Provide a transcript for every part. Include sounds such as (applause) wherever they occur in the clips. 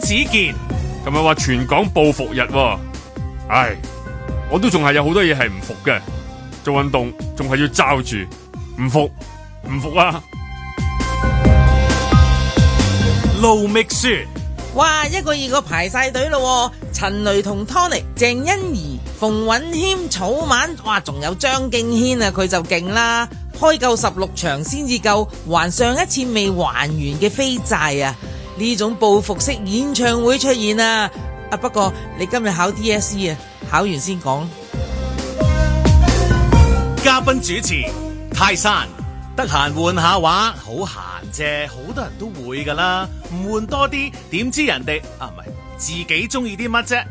子健，琴日話全港報復日，哦，唉，我都仲係有好多嘢係唔服嘅，做運動仲係要罩住，唔服唔服啊！盧覓雪，哇，一個二個排晒隊咯，陳雷同 Tony、鄭欣宜、馮允謙、草蜢，哇，仲有張敬軒啊，佢就勁啦，開夠十六場先至夠，還上一次未還完嘅飛債啊！呢種報復式演唱會出現啊！啊，不過你今日考 DSE 啊，考完先講。嘉賓主持泰山，得閒換下畫，好閒啫，好多人都會㗎啦，唔換多啲，點知人哋啊，唔係自己中意啲乜啫。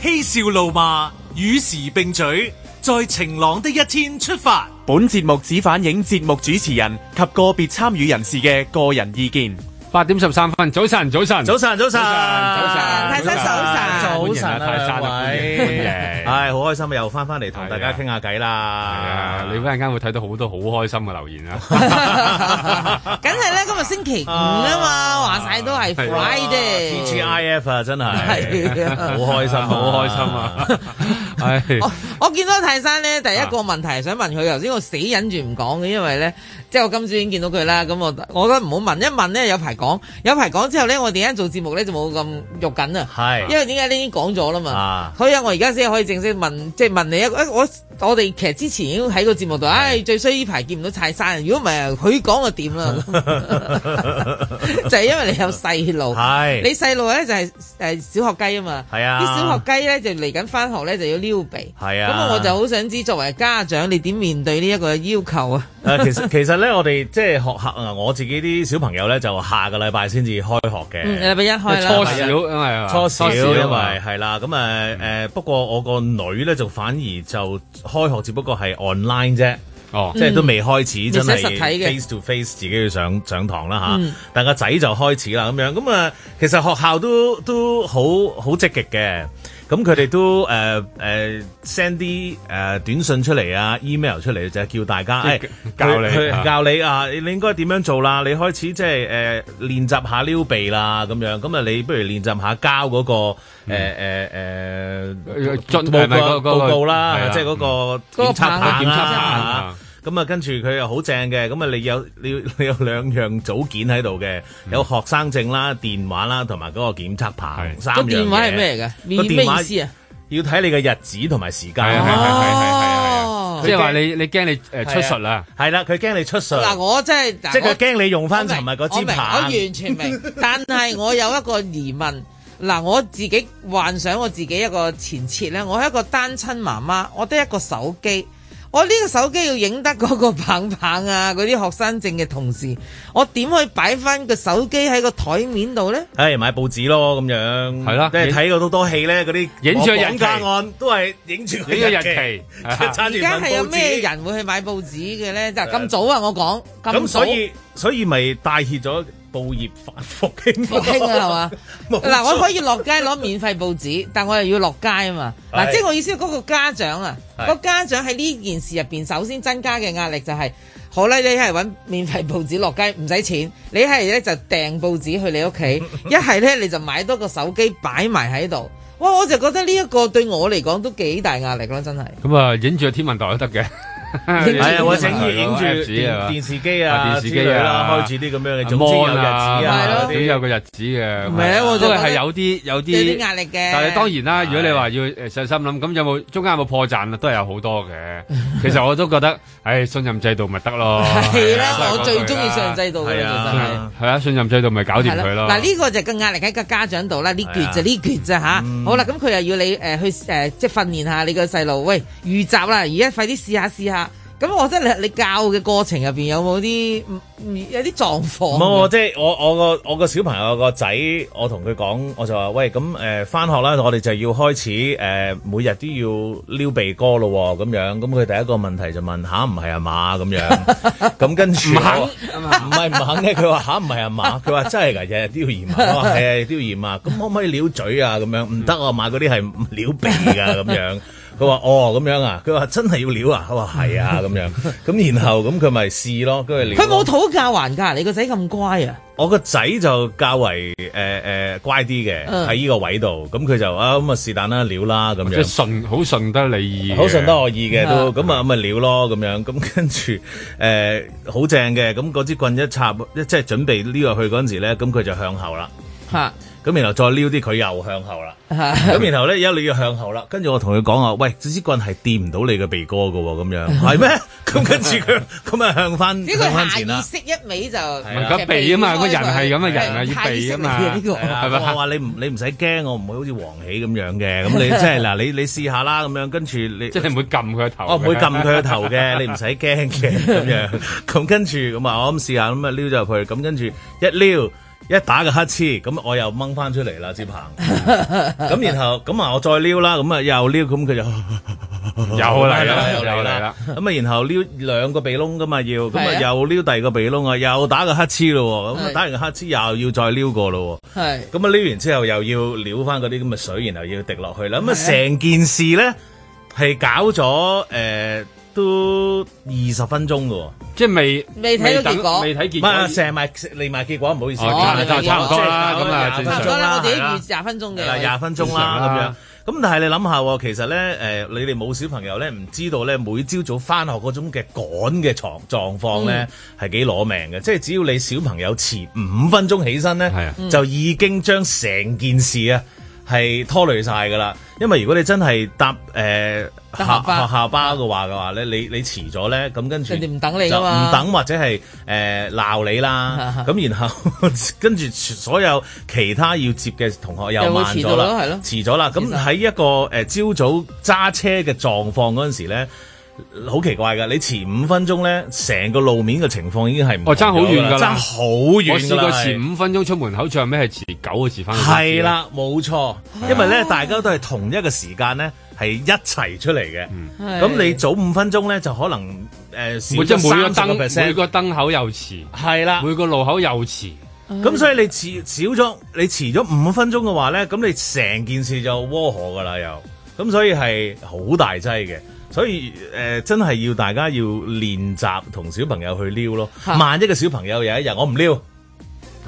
嬉笑怒罵，與時並舉，在晴朗的一天出發。本節目只反映節目主持人及個別參與人士嘅個人意見。八點十三分，早晨，早晨，早晨，早晨，早晨，泰山，早晨，早晨啊，泰山啊，歡迎，歡迎，係好開心，又翻翻嚟同大家傾下偈啦。係啊，你忽然間會睇到好多好開心嘅留言啊。梗係咧，今日星期五啊嘛，話晒都係 Fly 啫。TGIF 啊，真係，好開心，好開心啊。係，我見到泰山咧，第一個問題係想問佢，頭先我死忍住唔講嘅，因為咧。即係我今朝已經見到佢啦，咁我我覺得唔好問一問咧，有排講，有排講之後咧，我點解做節目咧就冇咁肉緊啊？係、啊，因為點解呢啲講咗啦嘛？啊，所以啊，我而家先可以正式問，即係問你一個，我我哋其實之前已經喺個節目度，唉、啊哎，最衰呢排見唔到泰山，如果唔係佢講就點啦， (laughs) (laughs) 就係因為你有細路，係、啊，你細路咧就係、是、誒、就是、小學雞啊嘛，係啊，啲小學雞咧就嚟緊翻學咧就要撩鼻，係啊，咁我就好想知作為家長你點面對呢一個要求啊？其實、啊、其實。 (laughs) 咧，我哋即係學校啊，我自己啲小朋友咧，就下個禮拜先至開學嘅。嗯，禮拜一開啦。初小因為初小因為係啦，咁啊，誒，不過我個女咧就反而就開學只不過係 online 啫。哦，即係都未開始，嗯、真係 face to face 自己去上上堂啦吓。嗯、但個仔就開始啦，咁樣咁啊，其實學校都都好好積極嘅。咁佢哋都誒誒 send 啲誒短信出嚟啊，email 出嚟就係叫大家誒是、哎、教你們教你啊，你應該點樣做啦？你開始即係誒練習下撩鼻啦咁樣。咁啊，你不如練習下交嗰、那個誒誒誒進步報告啦，即係嗰個檢測棒啦、啊、嚇。咁啊，跟住佢又好正嘅，咁啊，你有你你有兩樣組件喺度嘅，有學生證啦、電話啦，同埋嗰個檢測棒三樣嘢。個電話係咩嚟嘅？咩意思啊？要睇你嘅日子同埋時間。即係話你你驚你出術啦，係啦，佢驚你出術。嗱，我真係即係佢驚你用翻尋日嗰支棒。我完全明，但係我有一個疑問。嗱，我自己幻想我自己一個前設咧，我係一個單親媽媽，我得一個手機。我呢個手機要影得嗰個棒棒啊，嗰啲學生證嘅同時，我點去擺翻個手機喺個台面度咧？誒，買報紙咯咁樣，係啦的，即係睇嗰多多戲咧，嗰啲影住人家案都係影住呢個日期，差而家係有咩人會去買報紙嘅咧？就係咁早啊我！我講咁，所以所以咪大熱咗。報業繁復興啊，係嘛，啊？嗱、 (laughs) 啊，我可以落街攞免費報紙，但我又要落街啊嘛。嗱、 (laughs) 啊，即係我意思，嗰個家長啊， (laughs) 個家長喺呢件事入邊，首先增加嘅壓力就係、是，好啦，你係搵免費報紙落街唔使錢，你係咧就訂報紙去你屋企，一係咧你就買多個手機擺埋喺度。哇，我就覺得呢一個對我嚟講都幾大壓力咯，真係。咁啊，影住個天文台都得嘅。影住我整住電視機啊，電視機啦，開始啲咁樣嘅，總之有日子啊，總之有個日子嘅。唔係我都係有啲有啲壓力嘅。但係當然啦，如果你話要細心諗，咁有冇中間有冇破綻啊？都係有好多嘅。其實我都覺得，唉，信任制度咪得咯。係啦，我最中意信任制度嘅啦，就真係。啊，信任制度咪搞掂佢咯。嗱，呢個就更壓力喺個家長度啦。呢橛就呢橛咋吓？好啦，咁佢又要你誒去誒即係訓練下你個細路。喂，預習啦，而家快啲試下試下。咁、嗯、我即係你，你教嘅過程入邊有冇啲有啲狀況？冇，即係我我個我個小朋友個仔，我同佢講，我就話喂咁誒，返、嗯、學啦，我哋就要開始誒、嗯，每日都要撩鼻哥咯咁樣。咁、嗯、佢第一個問題就問下：啊「唔係啊嘛咁樣。咁、嗯、跟住唔係唔肯咧？佢話吓唔係啊嘛，佢、啊、話、啊、 (laughs) 真係噶，日日都要染。 (laughs) 我話係、哎、啊，要染啊。咁可唔可以撩嘴啊？咁樣唔得啊，馬嗰啲係撩鼻噶咁樣。佢話：哦咁樣啊！佢話真係要撩啊！佢話係啊咁樣，咁然後咁佢咪試咯，跟住。佢冇討價還價，你個仔咁乖啊！我個仔就較為誒誒、呃呃、乖啲嘅，喺依個位度，咁、嗯、佢、嗯、就啊咁啊是但啦撩啦咁樣，順好順得你意，好順得我意嘅都，咁啊咪撩咯咁樣，咁跟住誒好正嘅，咁、嗯、嗰支棍一插即係準備呢個入去嗰陣時咧，咁佢就向後啦。 (laughs) (laughs) 咁然後再撩啲佢又向後啦，咁然後咧而家你要向後啦，跟住我同佢講啊，喂，呢支棍係掂唔到你嘅鼻哥嘅喎，咁樣係咩？咁跟住佢，咁啊向翻向翻前啦。呢個下意識一味就，個鼻啊嘛，個人係咁嘅人啊，要鼻啊嘛。呢個係咪話你唔你唔使驚，我唔會好似黃喜咁樣嘅，咁你即係嗱，你你試下啦咁樣，跟住你即係唔會撳佢個頭，我唔會撳佢個頭嘅，你唔使驚嘅咁樣，咁跟住咁啊，我咁試下，咁啊撩就入去，咁跟住一撩。一打個乞嗤，咁我又掹翻出嚟啦，接行。咁然後咁啊，我再撩啦，咁啊又撩，咁佢就又嚟啦，又嚟啦。咁啊，然後撩兩個鼻窿噶嘛要，咁是啊又撩第二個鼻窿啊，又打個乞嗤咯。咁是、啊嗯、打完個乞嗤又要再撩過咯。係。咁啊撩完之後又要撩翻嗰啲咁嘅水，然後要滴落去啦。咁啊成件事咧係搞咗誒。呃都二十分鐘嘅喎，即係未未睇到結果，未睇結果，唔係成日嚟埋結果，唔好意思，差唔多啦，咁啊正常啦，廿分鐘啦，我哋二廿分鐘嘅廿分鐘啦咁樣，咁但係你諗下，其實咧誒，你哋冇小朋友咧，唔知道咧，每朝早返學嗰種嘅趕嘅狀狀況咧，係幾攞命嘅，即係只要你小朋友遲五分鐘起身咧，係就已經將成件事啊。係拖累晒㗎啦，因為如果你真係搭誒校學校巴嘅話嘅話咧的，你你遲咗咧，咁跟住人哋唔等你㗎嘛，唔等或者係誒鬧你啦，咁的然後 (laughs) 跟住所有其他要接嘅同學又慢咗啦，遲咗啦，咁喺一個誒朝、呃、早揸車嘅狀況嗰陣時咧。好奇怪噶！你遲五分鐘咧，成個路面嘅情況已經係唔同，哦，爭好遠噶，爭好遠，我試過遲五分鐘出門口，最後尾係遲九個字返嚟。係啦，冇錯，錯啊，因為咧大家都係同一個時間咧，係一齊出嚟嘅。嗯，咁你早五分鐘咧就可能誒，即、呃、係每個燈每個燈口又遲，係啦的，每個路口又遲。咁、嗯、所以你遲少咗，你遲咗五分鐘嘅話咧，咁你成件事就窩河噶啦，又咁所以係好大劑嘅。所以誒、呃、真係要大家要練習同小朋友去撩咯。萬一個小朋友有一日我唔撩，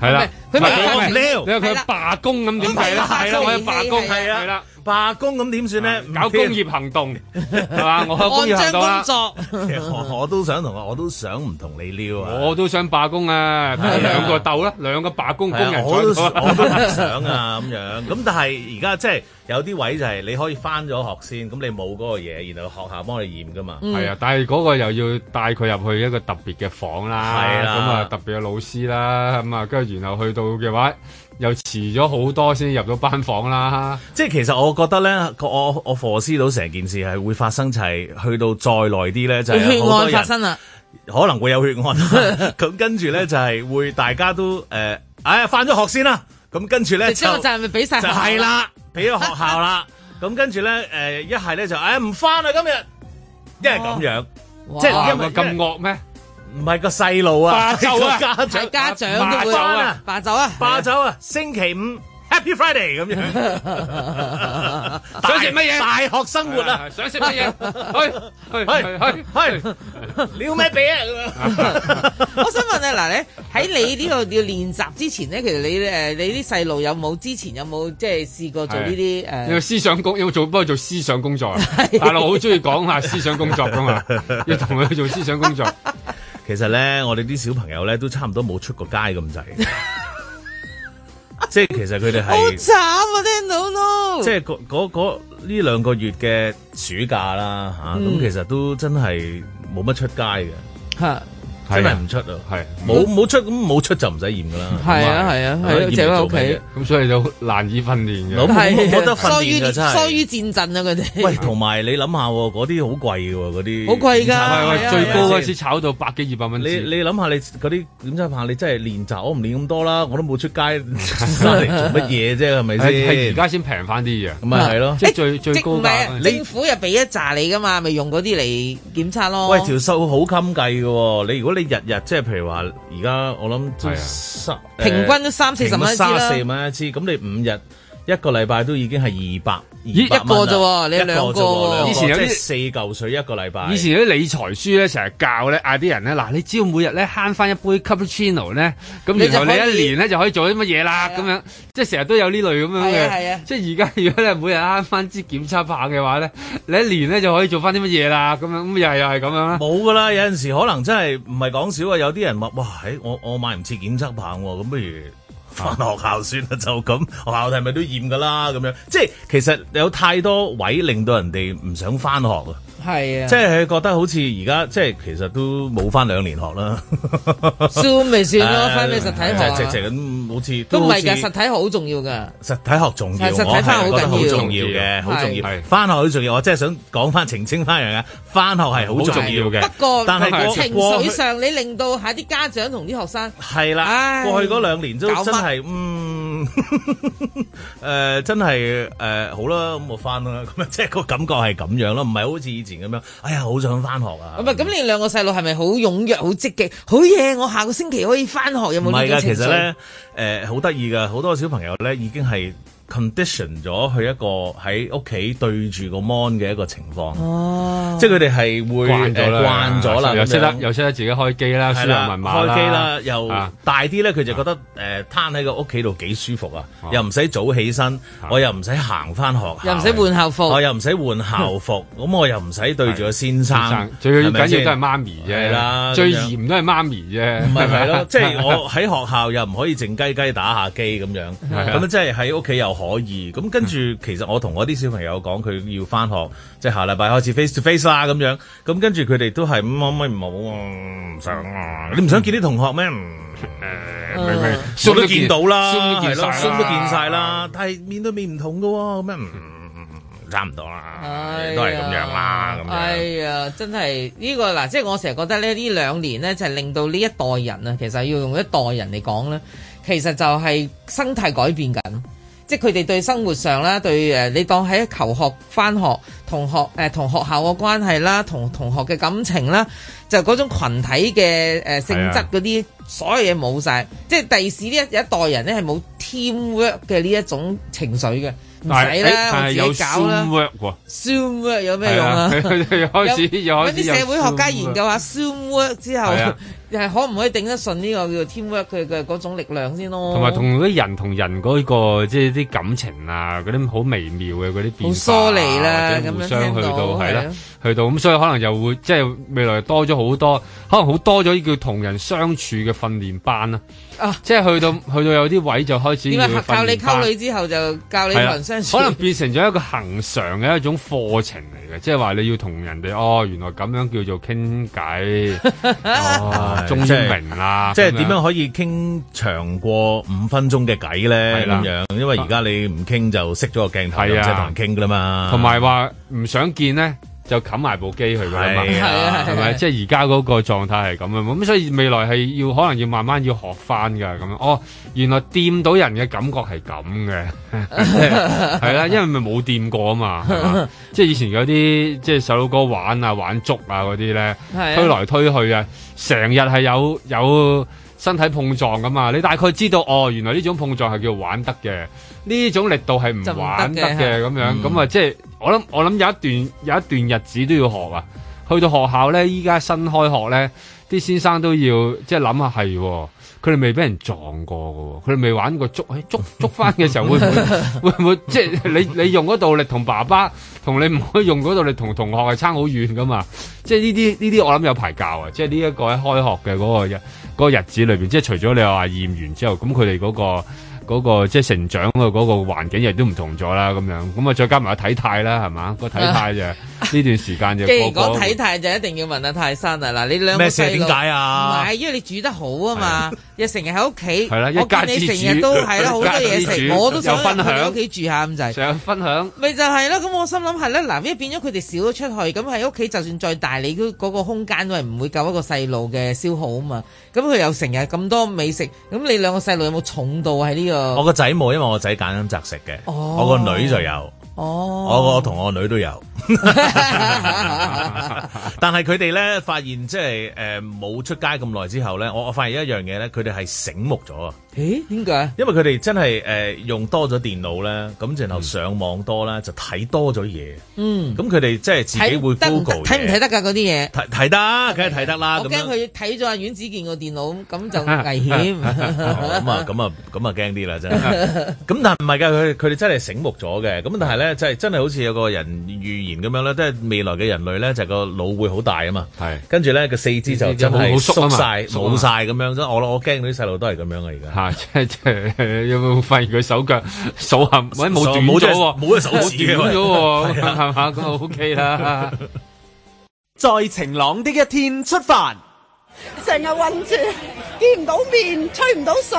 係啦。佢唔係因為佢罷工咁點睇咧？係咯，我係罷工，係啊，罷工咁點算咧？搞工業行動係嘛？我安張工作，其實我我都想同我都想唔同你撩啊，我都想罷工啊，兩個鬥啦，兩個罷工工人我都想啊咁樣。咁但係而家即係有啲位就係你可以返咗學先，咁你冇嗰個嘢，然後學校幫你驗㗎嘛。係啊，但係嗰個又要帶佢入去一個特別嘅房啦，咁啊特別嘅老師啦，咁啊跟住然後去到。嘅話又遲咗好多先入咗班房啦，即係其實我覺得咧，我我我反思到成件事係會發生、就係，就去到再耐啲咧，就血案發生啦，可能會有血案。咁跟住咧就係、係、會大家都誒、呃，哎呀，翻咗學先啦。咁跟住咧就之後就係咪俾晒就係啦，俾咗學校啦。咁、啊啊、跟住咧誒，一係咧就哎唔翻啦，今日一係咁樣，即係咁惡咩？唔係個細路啊，霸就啊，係家長嘅喎，霸就啊，霸就啊，星期五 Happy Friday 咁樣，想食乜嘢？大學生活啊，想食乜嘢？去去去去，你要咩俾啊？我想問啊，嗱，你喺你呢個要練習之前咧，其實你誒，你啲細路有冇之前有冇即係試過做呢啲誒？思想工有做？不如做思想工作啊？大佬好中意講下思想工作噶嘛？要同佢做思想工作。其實咧，我哋啲小朋友咧都差唔多冇出過街咁滯， (laughs) 即係其實佢哋係好慘啊！聽到即係嗰嗰呢兩個月嘅暑假啦吓，咁、啊嗯、其實都真係冇乜出街嘅。 (laughs) 真係唔出啊！係冇冇出咁冇出就唔使驗㗎啦。係啊係啊，係。驗唔到皮。咁所以就難以訓練㗎。係。疏於疏於戰陣啊！佢哋。喂，同埋你諗下，嗰啲好貴㗎，嗰啲。好貴㗎。最高嗰次炒到百幾二百蚊。你你諗下，你嗰啲檢測棒，你真係練習我唔練咁多啦，我都冇出街嚟做乜嘢啫，係咪先？而家先平翻啲嘅。咁咪係咯，即係最高價。政府又俾一揸你㗎嘛，咪用嗰啲嚟檢測咯。喂，條數好襟計㗎喎，你如果日日即係譬如話而家我諗都三，諗平均都三四十蚊一支啦，三四十蚊一次咁你五日。一個禮拜都已經係二百咦二百蚊啦，一個啫，你兩個，一個兩個以前有啲四嚿水一個禮拜。以前啲理財書咧成日教咧，嗌啲人咧，嗱，你只要每日咧慳翻一杯 cappuccino 咧，咁然後你一年咧就可以做啲乜嘢啦，咁樣，的即係成日都有呢類咁樣嘅，即係而家如果你每日慳翻支檢測棒嘅話咧，你一年咧就可以做翻啲乜嘢啦，咁樣，咁又又係咁樣啦。冇噶啦，有陣時可能真係唔係講笑啊，有啲人話，哇，我我買唔切檢測棒，咁不如。返學校算啦，就咁，學校係咪都厭㗎啦？咁樣即係其實有太多位令到人哋唔想返學啊！係啊，即係覺得好似而家即係其實都冇翻兩年學啦，算未算咯，翻嚟實體學直直咁，好似都唔係噶，實體學好重要噶，實體學重要，實體翻學好重要嘅，好重要，翻學好重要。我即係想講翻澄清翻樣嘅，翻學係好重要嘅，不過但係情緒上你令到喺啲家長同啲學生係啦，過去嗰兩年都真係，嗯，誒，真係誒，好啦，咁就翻啦，咁即係個感覺係咁樣咯，唔係好似。咁樣，哎呀，好想翻學啊！咁啊，咁你兩個細路係咪好踴躍、好積極、好嘢？我下個星期可以翻學，有冇呢種情緒？唔係噶，其實咧，誒、呃，好得意噶，好多小朋友咧已經係。condition 咗佢一個喺屋企對住個 mon 嘅一個情況，即係佢哋係會慣咗啦，又識得又識得自己開機啦，輸入密碼啦，開機啦，又大啲咧，佢就覺得誒攤喺個屋企度幾舒服啊，又唔使早起身，我又唔使行翻學又唔使換校服，我又唔使換校服，咁我又唔使對住個先生，最緊要都係媽咪啫啦，最嚴都係媽咪啫，唔係咪咯？即係我喺學校又唔可以靜雞雞打下機咁樣，咁即係喺屋企又。可以咁跟住。其實我同我啲小朋友講，佢要翻學，即係下禮拜開始 face to face 啦，咁樣咁跟住佢哋都係咁、嗯、啊，可唔可以唔好啊？唔想啊。你唔想見啲同學咩？誒，咪咪，都見到啦，係咯，都見晒啦，但係面對面唔同噶，咁樣差唔多啦，都係咁樣啦，咁樣係啊、哎，真係呢個嗱，即係我成日覺得咧呢兩年咧就係令到呢一代人啊，其實要用一代人嚟講咧，其實就係生態改變緊。即係佢哋對生活上啦，對誒，你當係求學、返學、同學誒、呃、同學校嘅關係啦，同同學嘅感情啦，就嗰、是、種羣體嘅誒、呃、性質嗰啲的所有嘢冇晒。即係第時呢一一代人咧係冇 teamwork 嘅呢一種情緒嘅。但唔使啦，我自己搞啦。Zoom work 有咩用啊？揾啲社會學家研究下 Zoom work 之後，又係可唔可以頂得順呢個叫 Team work 嘅嘅嗰種力量先咯？同埋同啲人同人嗰個即係啲感情啊，嗰啲好微妙嘅嗰啲變化啊，或者互相去到係啦，去到咁，所以可能又會即係未來多咗好多，可能好多咗啲叫同人相處嘅訓練班啦。啊！即係去到 (laughs) 去到有啲位就開始教你溝女，之後就教你聞聲、啊，可能變成咗一個恒常嘅一種課程嚟嘅。即係話你要同人哋哦，原來咁樣叫做傾偈，終於明啦、啊。即係點樣可以傾長過五分鐘嘅偈咧？咁、啊、樣因為而家你唔傾就熄咗個鏡頭，即係同人傾噶啦嘛。同埋話唔想見咧。就冚埋部機去噶嘛，係咪即係而家嗰個狀態係咁啊？咁所以未來係要可能要慢慢要學翻噶咁樣。哦，原來掂到人嘅感覺係咁嘅，係 (laughs) 啦、 (laughs) 啊，因為咪冇掂過啊嘛， (laughs) 即係以前有啲即係細佬哥玩啊玩足啊嗰啲咧，啊、推來推去啊，成日係有有身體碰撞噶嘛。你大概知道哦，原來呢種碰撞係叫玩得嘅，呢種力度係唔玩得嘅咁樣。咁啊、嗯，即係。嗯我諗我諗有一段有一段日子都要學啊！去到學校咧，依家新開學咧，啲先生都要即係諗下係，佢哋未俾人撞過嘅，佢哋未玩過捉，捉捉翻嘅時候會唔會 (laughs) 會唔會？即係你你用嗰度力同爸爸同你唔可以用嗰度力同同學，係差好遠噶嘛？即係呢啲呢啲我諗有排教啊！即係呢一個喺開學嘅嗰個日、嗰個日子裏邊，即係除咗你話驗完之後，咁佢哋嗰個。嗰、嗰個即係成長嘅嗰個環境亦都唔同咗啦，咁樣咁啊，再加埋個體態啦，係嘛？個體態就。Yeah. 呢段時間就既然講體態就一定要問下泰山啊！嗱，你兩個細路點解啊？唔係，因為你煮得好啊嘛！又成日喺屋企，我見你成日都係啦，好多嘢食，我都想分享喺屋企住下咁就係。想分享。咪就係咯，咁我心諗係咧嗱，因為變咗佢哋少咗出去，咁喺屋企就算再大，你都嗰個空間都係唔會夠一個細路嘅消耗啊嘛。咁佢又成日咁多美食，咁你兩個細路有冇重度喺呢個？我個仔冇，因為我仔揀飲擇食嘅。我個女就有。哦，oh. 我我同我女都有， (laughs) (laughs) 但係佢哋咧，發現即係誒，冇出街咁耐之後咧，我我發現一樣嘢咧，佢哋係醒目咗啊！咦？點解？因為佢哋真係誒、呃、用多咗電腦咧，咁然後上網多啦，就睇多咗嘢。嗯，咁佢哋即係自己會 Google 睇唔睇得噶嗰啲嘢？睇，睇得，梗係睇得啦。我驚佢睇咗阿阮子健個電腦，咁 (laughs) 就危險。咁啊咁啊咁啊驚啲啦， (laughs) (laughs) 真係。咁但係唔係噶，佢佢哋真係醒目咗嘅。咁但係咧。就係真係好似有個人預言咁樣咧，即係未來嘅人類咧就個腦會好大啊嘛，係跟住咧個四肢就真係縮晒、冇晒咁樣，我我驚啲細路都係咁樣啊而家吓，即係即係發現佢手腳手合，喂冇斷咗，冇咗手指嘅，係嘛咁 OK 啦。再晴朗啲嘅天出發，成日韫住見唔到面，吹唔到水，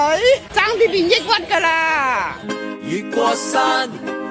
爭啲變抑鬱噶啦。越過山。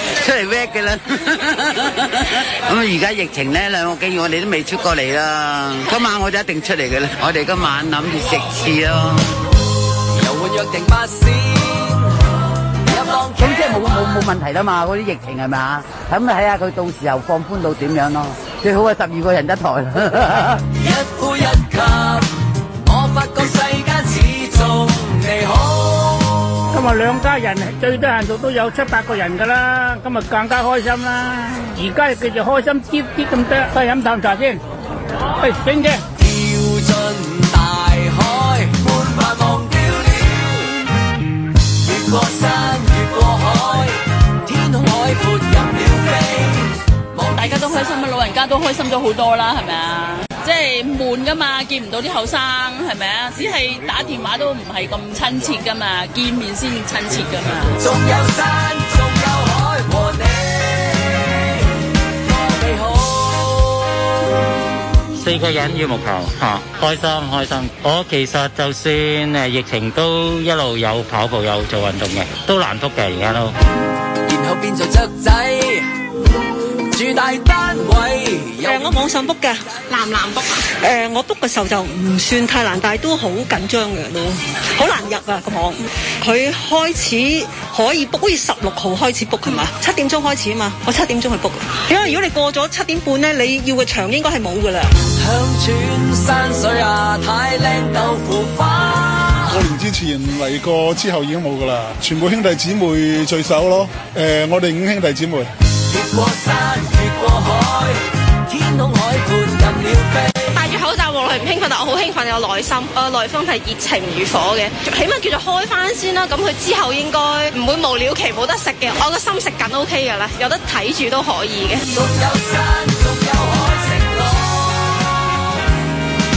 出嚟 work 嘅啦，咁而家疫情咧，兩個幾月我哋都未出過嚟啦。今晚我就一定出嚟嘅啦，我哋今晚諗住食翅咯。咁即係冇冇冇問題啦嘛，嗰啲疫情係咪啊？咁睇下佢到時候放寬到點樣咯，最好係十二個人一枱。話兩家人最低限度都有七八個人噶啦，咁咪更加開心啦。而家又叫做開心啲啲咁多，都係飲啖茶先。嘿，邊隻？大家都開心，老人家都開心咗好多啦，係咪啊？即係悶噶嘛，見唔到啲後生係咪啊？只係打電話都唔係咁親切噶嘛，見面先親切噶嘛。四個人羽毛球吓，開心開心。我、啊、其實就算誒疫情都一路有跑步有做運動嘅，都難捉嘅而家都。然後變做雀仔，住大單位。誒、呃，我網上 book 嘅，難唔難 book 啊？誒、呃，我 book 嘅時候就唔算太難，但係都好緊張嘅都，好難入啊、那個網。佢開始可以 book，好似十六號開始 book 㗎嘛？七點鐘開始啊嘛，我七點鐘去 book 嘅。因為如果你過咗七點半咧，你要嘅場應該係冇㗎啦。鄉村山水啊，太靚，豆腐花。過年之前嚟過，之後已經冇㗎啦。全部兄弟姊妹聚首咯。誒、呃，我哋五兄弟姊妹。越過山，越過海，天空海闊任鳥飛。戴住口罩望落嚟唔興奮，但我好興奮，有內心，我內心係熱情如火嘅，起碼叫做開翻先啦。咁佢之後應該唔會無了期冇得食嘅，我個心食緊 OK 噶啦，有得睇住都可以嘅。總有山，總有海，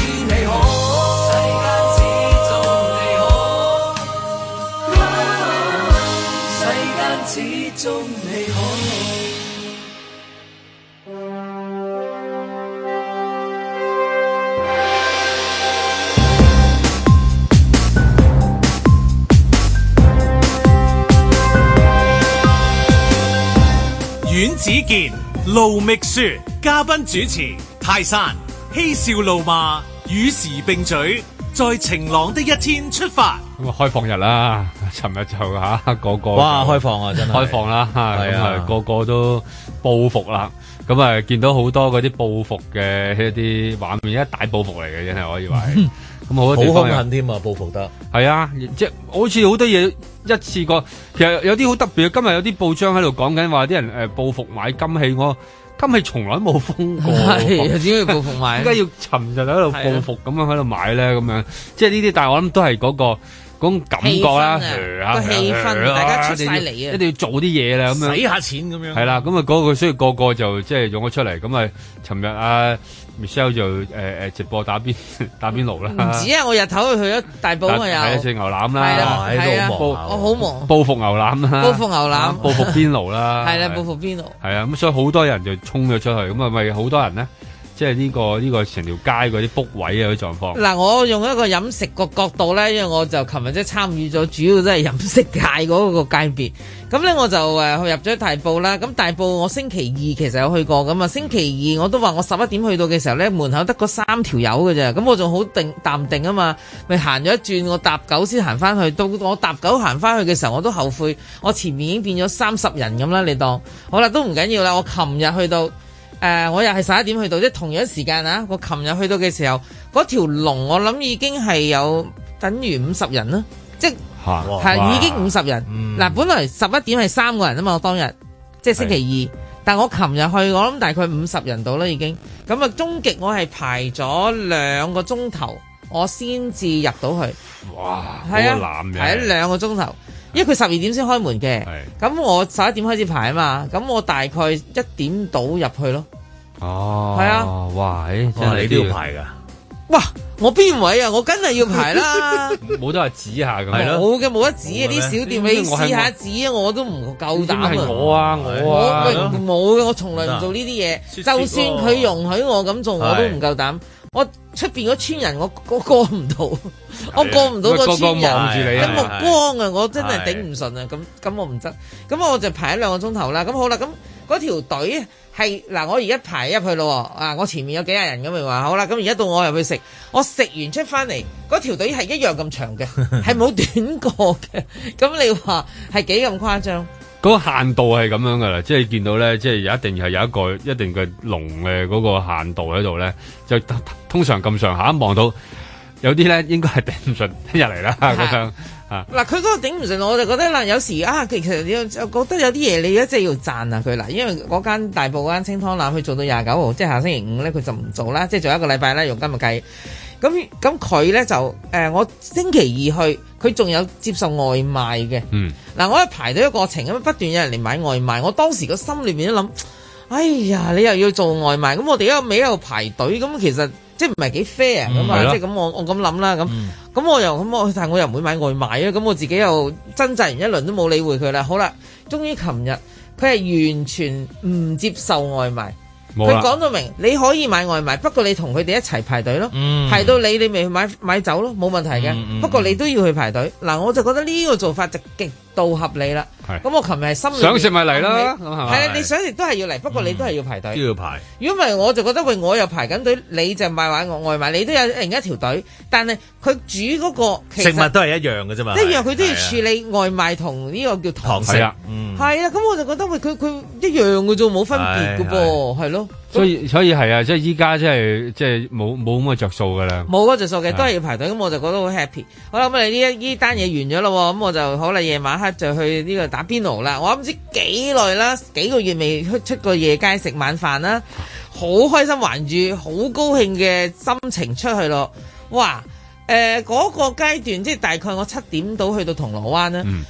你你好，世間始終你好。世間始終阮子健、盧覓雪，嘉賓主持。泰山嬉笑怒罵，與時並舉。在晴朗的一天出發。咁啊開放日啦，尋日就吓個個。哇，開放啊，真係開放啦，係啊、 (laughs) 嗯，個個都報復啦。咁、嗯、啊，見到好多嗰啲報復嘅一啲畫面，一大報復嚟，嘅真係，我以為。 (laughs) 咁好，就是、好凶狠添啊！報復得係啊！即係好似好多嘢一次過。其實有啲好特別今日有啲報章喺度講緊話啲人誒報復買金器，我金器從來冇封過，點解 (laughs) 要報復買？點解要尋日喺度報復咁樣喺度買咧？咁樣即係呢啲。但係我諗都係嗰、那個種感覺啦，個氣,、啊啊、氣氛，啊、大家出曬嚟啊！一定要做啲嘢啦，咁樣洗下錢咁樣。係啦，咁啊，嗰個需要個個就即係用咗出嚟。咁啊，尋日啊。Michelle 就誒誒直播打邊打邊爐啦，唔止啊！我日頭去咗大埔，有食牛腩啦，喺度忙，我好忙，報復牛腩啦，報復牛腩，報復邊爐啦，係啦，報復邊爐，係啊！咁所以好多人就衝咗出去，咁啊咪好多人咧。即係呢個呢個成條街嗰啲福位啊，啲狀況。嗱，我用一個飲食個角度呢，因為我就琴日即係參與咗，主要都係飲食界嗰個界別。咁呢，我就誒入咗大埔啦。咁大埔我星期二其實有去過咁啊。星期二我都話我十一點去到嘅時候呢，門口得嗰三條友嘅啫。咁我仲好定淡定啊嘛。咪行咗一轉，我搭狗先行翻去。到我搭狗行翻去嘅時候，我都後悔。我前面已經變咗三十人咁啦。你當好啦，都唔緊要啦。我琴日去到。誒、呃，我又係十一點去到，即係同樣時間啊！我琴日去到嘅時候，嗰條龍我諗已經係有等於五十人啦，即係已經五十人。嗱，嗯、本來十一點係三個人啊嘛，我當日即係星期二，是但我琴日去，我諗大概五十人到啦已經。咁啊，終極我係排咗兩個鐘頭，我先至入到去。哇！係啊，係、啊、兩個鐘頭，因為佢十二點先開門嘅，咁我十一點開始排啊嘛，咁我大概一點到入去咯。哦，係啊，哇，你都要排噶？哇，我邊位啊？我梗係要排啦。冇得話指下咁，係咯，冇嘅，冇得指啊！啲小店你試下指啊，我都唔夠膽啊。我啊，我我冇嘅，我從來唔做呢啲嘢，就算佢容許我咁做，我都唔夠膽。我。出邊嗰村人，我我過唔到，我過唔到個村人，住你。目光啊，我真係頂唔順啊，咁咁我唔得，咁我就排咗兩個鐘頭啦，咁好啦，咁嗰條隊係嗱我而家排入去咯，啊我前面有幾廿人咁咪話，好啦，咁而家到我入去食，我食完出翻嚟，嗰條隊係一樣咁長嘅，係冇 (laughs) 短過嘅，咁你話係幾咁誇張？嗰個限度係咁樣噶啦，即係見到咧，即係有一定係有一個一定嘅籠嘅嗰個限度喺度咧，就通常咁上下，望、啊、到有啲咧應該係頂唔順入嚟啦咁的樣嚇。嗱喇，佢嗰喇個頂唔順，我就覺得啦，有時啊，其實又又覺得有啲嘢你一直要讚下佢嗱，因為嗰間大埔嗰間清湯腩佢做到廿九號，即係下星期五咧佢就唔做啦，即係做一個禮拜啦，用今日計。咁咁佢咧就誒、呃，我星期二去。佢仲有接受外賣嘅，嗱、嗯、我喺排隊嘅過程咁不斷有人嚟買外賣，我當時個心裏面都諗，哎呀你又要做外賣，咁我哋一個尾一路排隊，咁其實即係唔係幾 fair 咁啊？即係咁我我咁諗啦，咁咁、嗯、我又咁我但係我又唔會買外賣啊，咁我自己又掙扎完一輪都冇理會佢啦，好啦，終於琴日佢係完全唔接受外賣。佢講到明，你可以買外賣，不過你同佢哋一齊排隊咯，嗯、排到你你咪去買，買走咯，冇問題嘅。嗯嗯嗯、不過你都要去排隊，嗱、嗯，我就覺得呢個做法直勁到合理啦，咁是我琴日係心想食咪嚟咯，係、嗯、起啊，你想食都係要嚟，不過你都係要排隊，都、嗯、要排。如果唔係我就覺得喂，我又排緊隊，你就賣完我外賣，你都有另一條隊。但係佢煮嗰個食物都係一樣嘅啫嘛，一樣佢都要處理外賣同呢個叫堂食啊，係啊，咁、嗯啊、我就覺得喂，佢佢一樣嘅啫，冇分別㗎噃，係咯。所以所以係啊，即係依家即係即係冇冇咁嘅着數㗎喇，冇嗰個着數嘅，的都係要排隊。咁我就覺得好 happy。好啦，咁你呢一呢單嘢完咗咯，咁我就好啦，夜晚黑就去呢個打邊爐啦。我諗唔知幾耐啦，幾個月未出出過夜街食晚飯啦，好、啊、開心，懷住好高興嘅心情出去咯。哇！誒、呃、嗰、那個階段即係、就是、大概我七點到去到銅鑼灣啦。嗯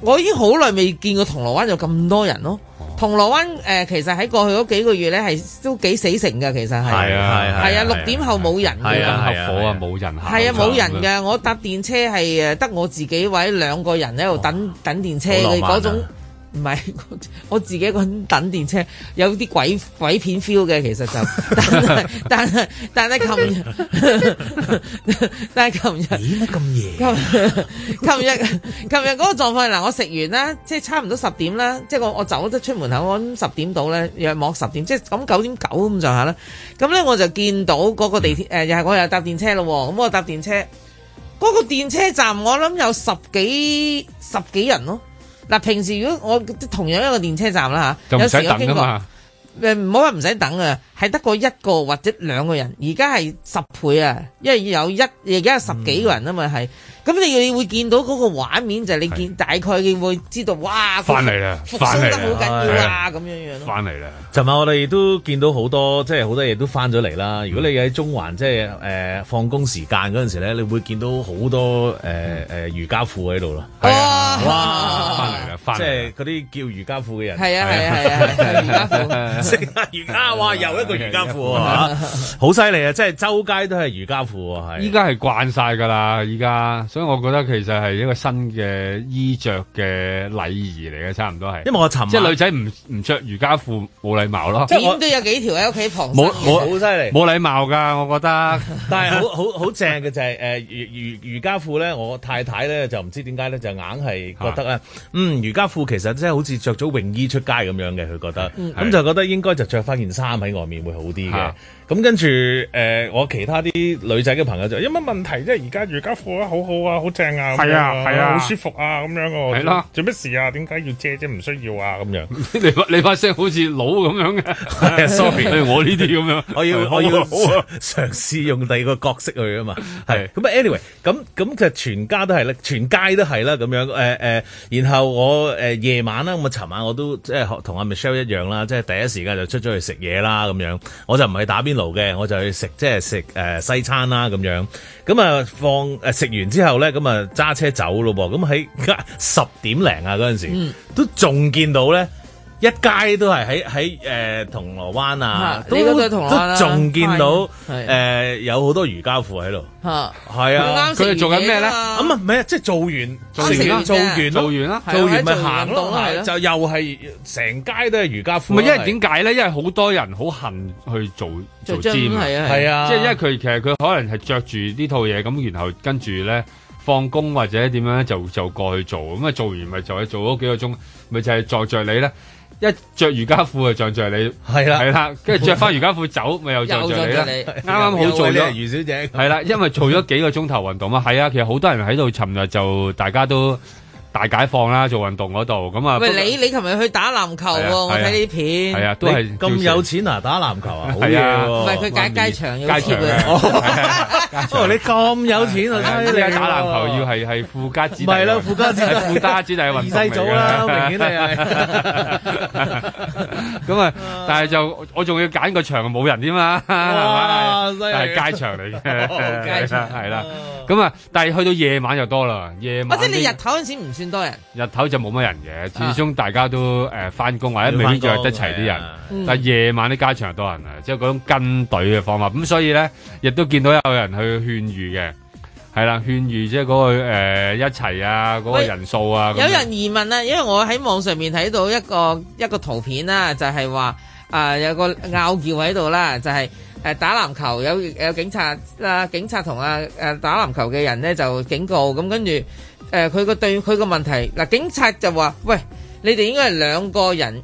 我已經好耐未見過銅鑼灣有咁多人咯。銅鑼灣誒，其實喺過去嗰幾個月咧，係都幾死城嘅。其實係係啊，六點後冇人嘅，冇人客啊，冇人客。係啊，冇人嘅。我搭電車係誒，得我自己或者兩個人喺度等等電車嗰種。唔係，我自己個等電車，有啲鬼鬼片 feel 嘅。其實就，但係 (laughs) 但係 (laughs) (laughs) 但係琴日，但係琴日，點解咁夜？琴日琴日嗰個狀況，嗱，我食完啦，即係差唔多十點啦，即係我我走咗出門口，我諗十點到咧，約莫十點，即係咁九點九咁上下啦。咁咧我就見到嗰個地鐵，誒又係我又搭電車咯，咁我搭電車嗰、嗰個電車站，我諗有十幾十幾人咯。嗱，平時如果我同樣一個電車站啦嚇，有時我經過，誒唔好話唔使等啊。係得個一個或者兩個人，而家係十倍啊！因為有一而家有十幾個人啊嘛係，咁你會見到嗰個畫面就係你見大概會知道哇，翻嚟啦，復甦得好緊要啊咁樣樣咯，翻嚟啦！尋晚我哋都見到好多即係好多嘢都翻咗嚟啦。如果你喺中環即係誒放工時間嗰陣時咧，你會見到好多誒誒瑜伽褲喺度咯。係啊，哇！翻嚟啦，即係嗰啲叫瑜伽褲嘅人。係啊係啊係啊！瑜伽褲識打瑜伽哇，由一個瑜伽褲吓，好犀利啊！即係周街都係瑜伽褲啊，係依家係慣晒噶啦，依家所以我覺得其實係一個新嘅衣着嘅禮儀嚟嘅，差唔多係。因為我尋日即係女仔唔唔着瑜伽褲冇禮貌咯，點都有幾條喺屋企旁。冇冇，好犀利，冇禮貌噶，我覺得。但係好好好正嘅就係，誒，瑜瑜伽褲咧，我太太咧就唔知點解咧，就硬係覺得啊。嗯，瑜伽褲其實真係好似着咗泳衣出街咁樣嘅，佢覺得，咁就覺得應該就着翻件衫喺外面。會好啲嘅。咁跟住，誒、呃、我其他啲女仔嘅朋友就有乜、欸、問題，即係而家瑜伽課啊，好好啊，好正啊，係啊，係啊，好、啊、舒服啊，咁樣㗎、啊。係咯、啊，做咩事啊？點解要借啫？唔需要啊，咁樣你把你把聲好似老咁樣嘅 (laughs) ，sorry， (laughs) 我呢啲咁樣。我要我要嘗試用第二個角色去啊嘛，係咁啊，anyway，咁咁就全家都係咧，全街都係啦，咁樣誒誒、呃呃、然後我誒、呃呃、夜晚啦，咁啊，尋晚我都即係同阿 Michelle 一樣啦，即係第一時間就出咗去食嘢啦，咁樣我就唔係打邊。嘅我就去食，即係食誒西餐啦咁樣，咁啊放誒食、啊、完之後咧，咁啊揸車走咯噃，咁喺十點零啊嗰陣時、嗯、都仲見到咧。一街都係喺喺誒銅鑼灣啊！呢個都係銅鑼灣啦，仲見到誒有好多瑜伽褲喺度。嚇，係啊！佢哋做緊咩咧？咁啊，唔係啊，即係做完，做完，做完，做完啦，做完咪行咯。就又係成街都係瑜伽褲。唔係因為點解咧？因為好多人好恨去做做 gym 係啊，即係因為佢其實佢可能係著住呢套嘢，咁然後跟住咧放工或者點樣咧，就就過去做。咁啊做完咪就係做咗幾個鐘，咪就係再著你咧。一着瑜伽褲就撞着你，係啦的，係啦，跟住着翻瑜伽褲走，咪又著着你啦。啱啱好做咗，余小姐係啦，因為做咗幾個鐘頭運動嘛。係啊， (laughs) 其實好多人喺度。尋日就大家都。大解放啦，做運動嗰度咁啊！喂，你你琴日去打籃球喎，我睇啲片。係啊，都係咁有錢啊，打籃球啊，好啊，唔係佢揀街場要貼嘅，你咁有錢你打籃球要係係富家子弟，唔係啦，富家子弟，富家子弟係二世祖啦，明顯係。咁啊，但係就我仲要揀個場冇人添啊，係街場嚟嘅，係啦，咁啊，但係去到夜晚就多啦，夜晚。或你日頭嗰陣時唔算。咁多人，日頭就冇乜人嘅，始終大家都誒翻工，或者未必在一齊啲人，但係夜晚啲街場又多人啊，即係嗰種跟隊嘅方法。咁所以咧，亦都見到有人去勸喻嘅，係啦，勸喻即係嗰個誒一齊啊，嗰個人數啊。有人疑問啊，因為我喺網上面睇到一個一個圖片啦，就係話啊有個拗撬喺度啦，就係誒打籃球有有警察啊，警察同啊誒打籃球嘅人咧就警告咁跟住。誒，佢個對佢個問題，嗱，警察就話：，喂，你哋應該係兩個人，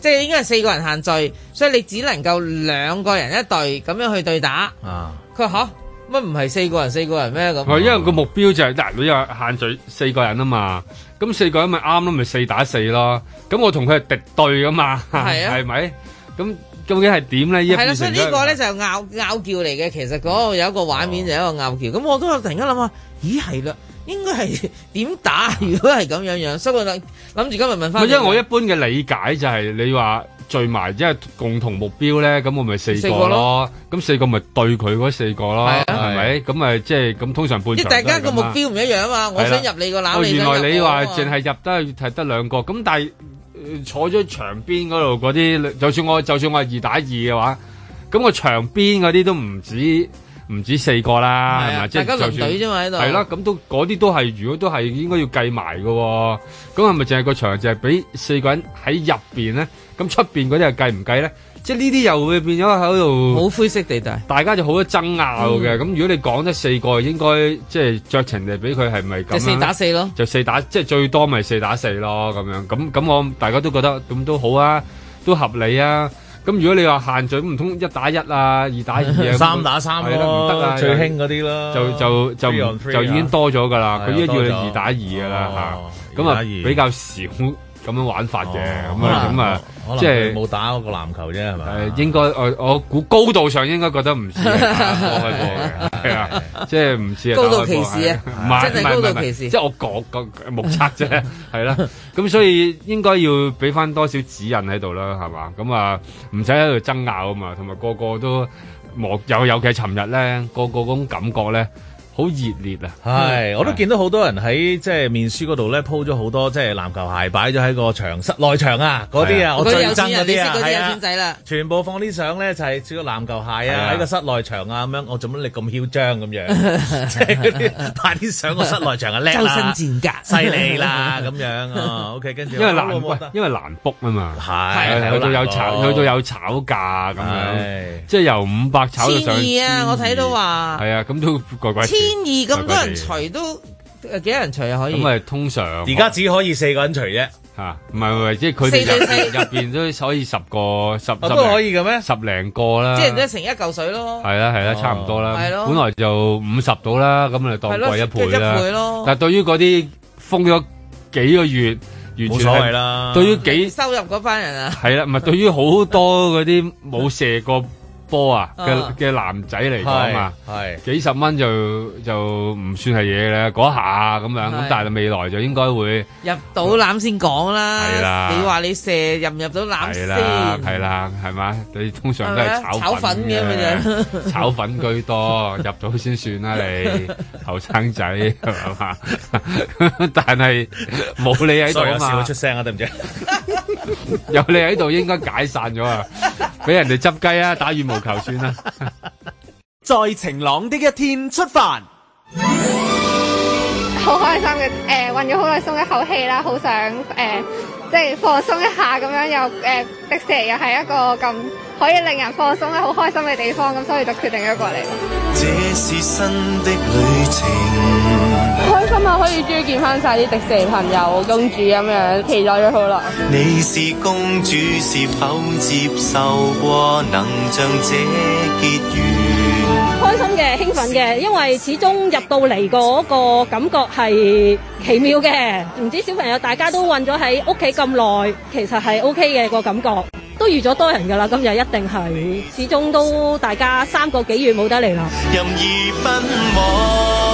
即係應該係四個人限聚，所以你只能夠兩個人一隊咁樣去對打。啊，佢話吓，乜唔係四個人四個人咩？咁，因為個目標就係嗱，你又限聚四個人啊嘛，咁四個人咪啱咯，咪四打四咯，咁我同佢係敵對噶嘛，係啊，係咪？咁究竟係點咧？係啦，所以呢個咧就拗拗撬嚟嘅，其實嗰個有一個畫面就一個拗撬，咁我都有突然間諗下，咦係啦。應該係點打？如果係咁樣樣，所以我諗諗住今日問翻。唔係，因為我一般嘅理解就係你話聚埋即係共同目標咧，咁我咪四個咯。咁四個咪對佢嗰四個咯，係咪？咁咪即係咁通常。即係大家個目標唔一樣啊嘛，我想入你個籃。哦，原來你話淨係入得得兩個，咁但係坐咗場邊嗰度嗰啲，就算我就算我係二打二嘅話，咁個場邊嗰啲都唔止。唔止四個啦，係咪？即係大家聯隊啫嘛喺度。係咯，咁都嗰啲都係，如果都係應該要計埋㗎。咁係咪淨係個場就係俾四個人喺入邊咧？咁出邊嗰啲又計唔計咧？即係呢啲又會變咗喺度。好灰色地帶。大家就好多爭拗嘅。咁如果你講得四個，應該即係酌情地俾佢係咪咁？就四打四咯。就四打，即係最多咪四打四咯咁樣。咁咁我大家都覺得咁都好啊，都合理啊。咁如果你話限制都唔通一打一啊，二打二啊， (laughs) 三打三咯，唔得啦，最興嗰啲咯，就就就，three on three 就已經多咗㗎啦，佢一樣係二打二㗎啦嚇，咁啊、哦嗯、比較少。咁樣玩法嘅咁啊咁啊，即係冇打嗰個籃球啫係嘛？誒應該誒我估高度上應該覺得唔似，打過球係啊，即係唔似啊，高度歧視啊，真係高度歧視，即係我個個目測啫，係啦。咁所以應該要俾翻多少指引喺度啦，係嘛？咁啊，唔使喺度爭拗啊嘛，同埋個個都莫有，尤其係尋日咧，個個嗰種感覺咧。好熱烈啊！係，我都見到好多人喺即係面書嗰度咧鋪咗好多即係籃球鞋擺咗喺個牆室內牆啊嗰啲啊，我最憎嗰啲啊，係啊，有錢仔啦全部放啲相咧就係似個籃球鞋啊喺個室內牆啊咁樣，我做乜你咁囂張咁樣？即係嗰啲拍啲相個室內牆啊叻啦，周身戰甲犀利啦咁樣。OK，跟住因為難喂，因為難 book 啊嘛，係去到有炒，去到有炒價咁樣，即係由五百炒到上千啊！我睇到話係啊，咁都怪怪。千二咁多人除都誒，幾多人除啊？可以咁咪，通常，而家只可以四個人除啫。吓，唔係唔係即係佢哋入邊都可以十個十都可以嘅咩？十零個啦，即係一成一嚿水咯。係啦係啦，差唔多啦。係咯，本來就五十到啦，咁咪當貴一倍啦。貴一倍咯。但係對於嗰啲封咗幾個月，完全冇所謂啦。對於幾收入嗰班人啊，係啦，唔係對於好多嗰啲冇射過波啊嘅嘅男仔嚟講嘛，係幾十蚊就就唔算係嘢咧，嗰下咁樣咁，但係未來就應該會入到籃先講啦。係啦，你話你射入唔入到籃先？係啦，係啦，係嘛？你通常都係炒炒粉嘅咪就炒粉居多，入到先算啦，你後生仔係嘛？但係冇你喺度嘛？所以有少少出聲啊，得唔得？有你喺度應該解散咗啊！俾人哋執雞啊！打羽毛球算啦。在 (music) 晴朗的一天出發，好開心嘅誒，運咗好耐，鬆一口氣啦，好想誒，即係放鬆一下咁樣，又誒，迪士尼又係一個咁可以令人放鬆咧、好開心嘅地方，咁所以就決定咗過嚟。今日可以再見翻曬啲迪士尼朋友公主咁樣，期待咗好耐。你是公主，是否接受過能像這結緣？開心嘅，興奮嘅，因為始終入到嚟嗰個感覺係奇妙嘅。唔知小朋友大家都困咗喺屋企咁耐，其實係 OK 嘅個感覺。都預咗多人㗎啦，今日一定係始終都大家三個幾月冇得嚟啦。任意奔往。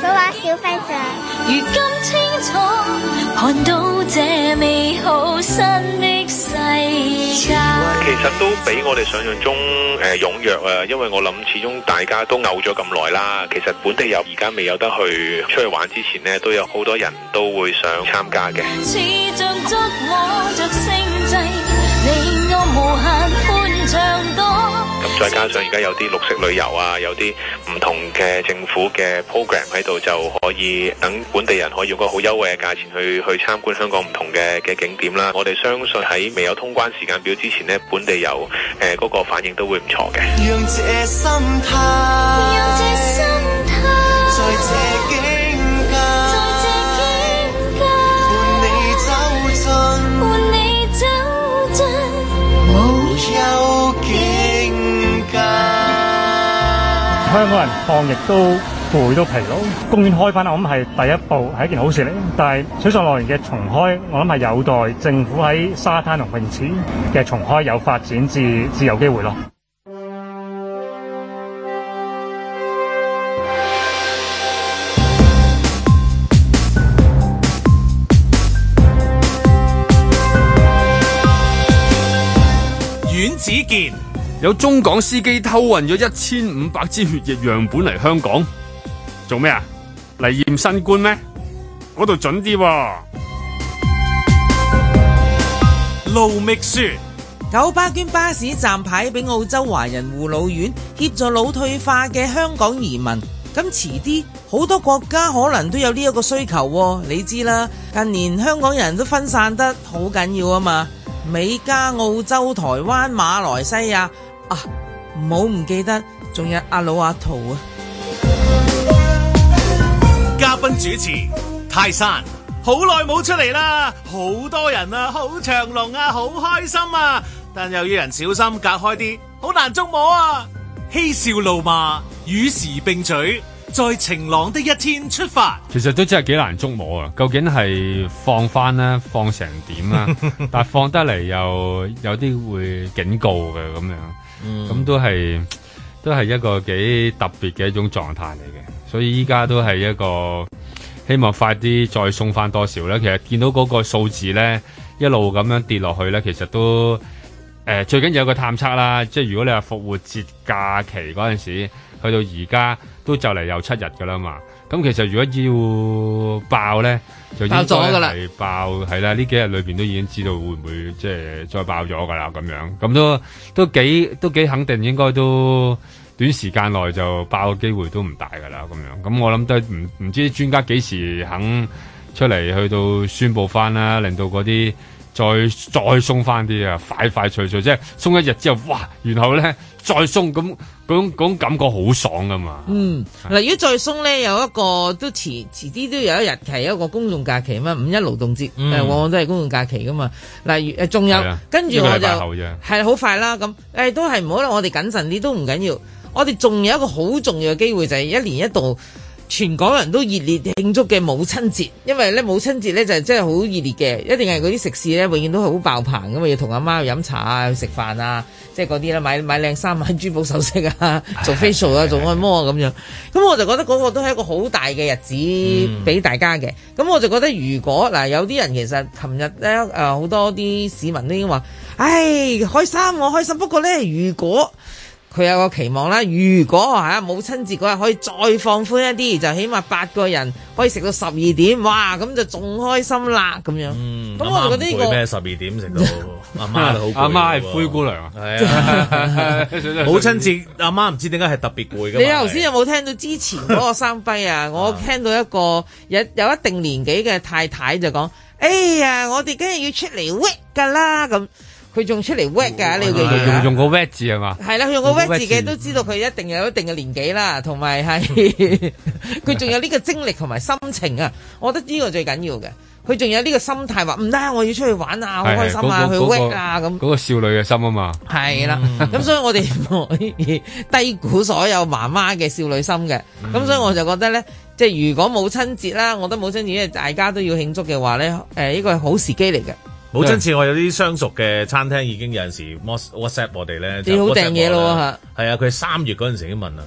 小玩，如今清楚看到這美好新的世界。其實都比我哋想象中誒、呃、踴躍啊，因為我諗始終大家都嘔咗咁耐啦。其實本地又而家未有得去出去玩之前呢，都有好多人都會想參加嘅。似像作我作再加上而家有啲綠色旅遊啊，有啲唔同嘅政府嘅 program 喺度，就可以等本地人可以用個好優惠嘅價錢去去參觀香港唔同嘅嘅景點啦。我哋相信喺未有通關時間表之前咧，本地遊誒嗰個反應都會唔錯嘅。香港人抗疫都攰都疲勞，公園開翻，我諗係第一步，係一件好事嚟。但係水上樂園嘅重開，我諗係有待政府喺沙灘同泳池嘅重開有發展至有機會咯。阮子健。有中港司機偷運咗一千五百支血液樣本嚟香港，做咩啊？嚟驗新冠咩？嗰度準啲？盧覓雪。九巴捐巴士站牌俾澳洲華人護老院，協助腦退化嘅香港移民。咁遲啲，好多國家可能都有呢一個需求喎，你知啦。近年香港人都分散得好緊要啊嘛，美加、澳洲、台灣、馬來西亞。啊，唔好唔記得，仲有阿老阿圖啊！嘉賓主持泰山，好耐冇出嚟啦，好多人啊，好長龍啊，好開心啊！但又要人小心隔開啲，好難捉摸啊！嬉笑怒罵，與時並取，在晴朗的一天出發。其實都真係幾難捉摸啊！究竟係放翻啦，放成點啊？ (laughs) 但放得嚟又有啲會警告嘅咁樣。咁、嗯、都係都係一個幾特別嘅一種狀態嚟嘅，所以依家都係一個希望快啲再送翻多少咧。其實見到嗰個數字咧一路咁樣跌落去咧，其實都誒、呃、最緊要有個探測啦。即係如果你話復活節假期嗰陣時去到而家都就嚟又七日噶啦嘛，咁其實如果要爆咧。就爆咗㗎喇！爆係啦，呢幾日裏邊都已經知道會唔會即係、就是、再爆咗㗎喇咁樣，咁都都幾都幾肯定，應該都短時間內就爆嘅機會都唔大㗎喇咁樣。咁我諗都係唔唔知專家幾時肯出嚟去到宣佈返啦，令到嗰啲再再鬆返啲啊，快快脆脆，即係鬆一日之後，哇！然後咧～再鬆咁種種感覺好爽噶嘛，嗯，嗱如果再鬆咧，有一個都遲遲啲都有一日期，一個公眾假期嘛，五一勞動節，誒、嗯，往往都係公眾假期噶嘛，例如誒，仲有，嗯、跟住我就係好快啦，咁誒、哎、都係唔好啦，我哋謹慎啲都唔緊要，我哋仲有一個好重要嘅機會就係、是、一年一度。全港人都熱烈慶祝嘅母親節，因為咧母親節咧就係真係好熱烈嘅，一定係嗰啲食肆咧永遠都係好爆棚咁嘛，要同阿媽去飲茶啊，去食飯啊，即係嗰啲啦，買買靚衫、買珠寶首飾啊，做 facial 啊，做按摩啊咁樣。咁我就覺得嗰個都係一個好大嘅日子俾大家嘅。咁我就覺得如果嗱、呃，有啲人其實琴日咧誒，好多啲市民都已經話：，唉，開心，我開心。不過咧，如果佢有個期望啦，如果係母親節嗰日可以再放寬一啲，就起碼八個人可以食到十二點，哇！咁就仲開心啦咁樣。嗯，咁我就覺得呢個咩？十二點食到阿媽好阿媽係灰姑娘啊！係 (laughs) 母親節阿媽唔知點解係特別攰㗎。你頭、啊、先是有冇聽到之前嗰個聲輝啊？ (laughs) 我聽到一個有有一定年紀嘅太太就講：， (laughs) 哎呀，我哋梗係要出嚟 work 㗎啦咁。佢仲出嚟 wet 噶，你哇、啊、用用個 wet 字係嘛？係啦，佢用個 wet 字嘅都知道佢一定有一定嘅年紀啦，同埋係佢仲有呢 (laughs) 個精力同埋心情啊！我覺得呢個最緊要嘅。佢仲有呢個心態話，唔得，我要出去玩啊，好的開心啊，的那個、去 wet 啊咁。嗰個少女嘅心啊嘛，係啦的。咁、嗯、所以我哋唔可以低估所有媽媽嘅少女心嘅。咁、嗯、所以我就覺得咧，即、就、係、是、如果母親節啦，我覺得母親節大家都要慶祝嘅話咧，誒、呃，呢個係好時機嚟嘅。冇母親節我有啲相熟嘅餐廳已經有陣時 WhatsApp 我哋咧，要訂嘢咯嚇，係啊，佢三月嗰陣時已經問啦。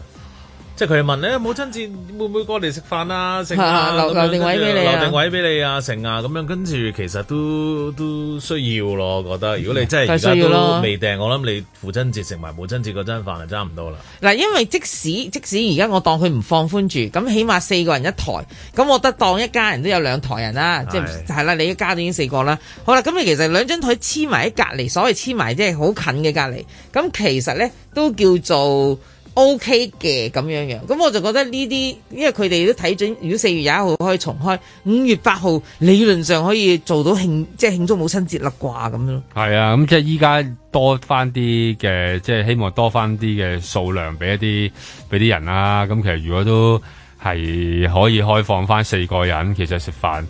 即係佢問咧、哎，母親節會唔會過嚟食飯啊？食、啊、留樣留定位俾你、啊，留定位俾你啊！成啊咁樣，跟住其實都都需要咯，我覺得如果你真係而家都未訂，我諗你父親節食埋母親節嗰餐飯就差唔多啦。嗱，因為即使即使而家我當佢唔放寬住，咁起碼四個人一台，咁我得當一家人都有兩台人啦，即係係啦，是你一家都已經四個啦。好啦，咁你其實兩張台黐埋喺隔離，所謂黐埋即係好近嘅隔離，咁其實咧都叫做。O K 嘅咁樣樣，咁我就覺得呢啲，因為佢哋都睇準，如果四月廿一號可以重開，五月八號理論上可以做到慶，即係慶祝母親節啦，啩咁樣。係啊，咁即係依家多翻啲嘅，即係希望多翻啲嘅數量俾一啲俾啲人啊。咁、嗯、其實如果都係可以開放翻四個人，其實食飯。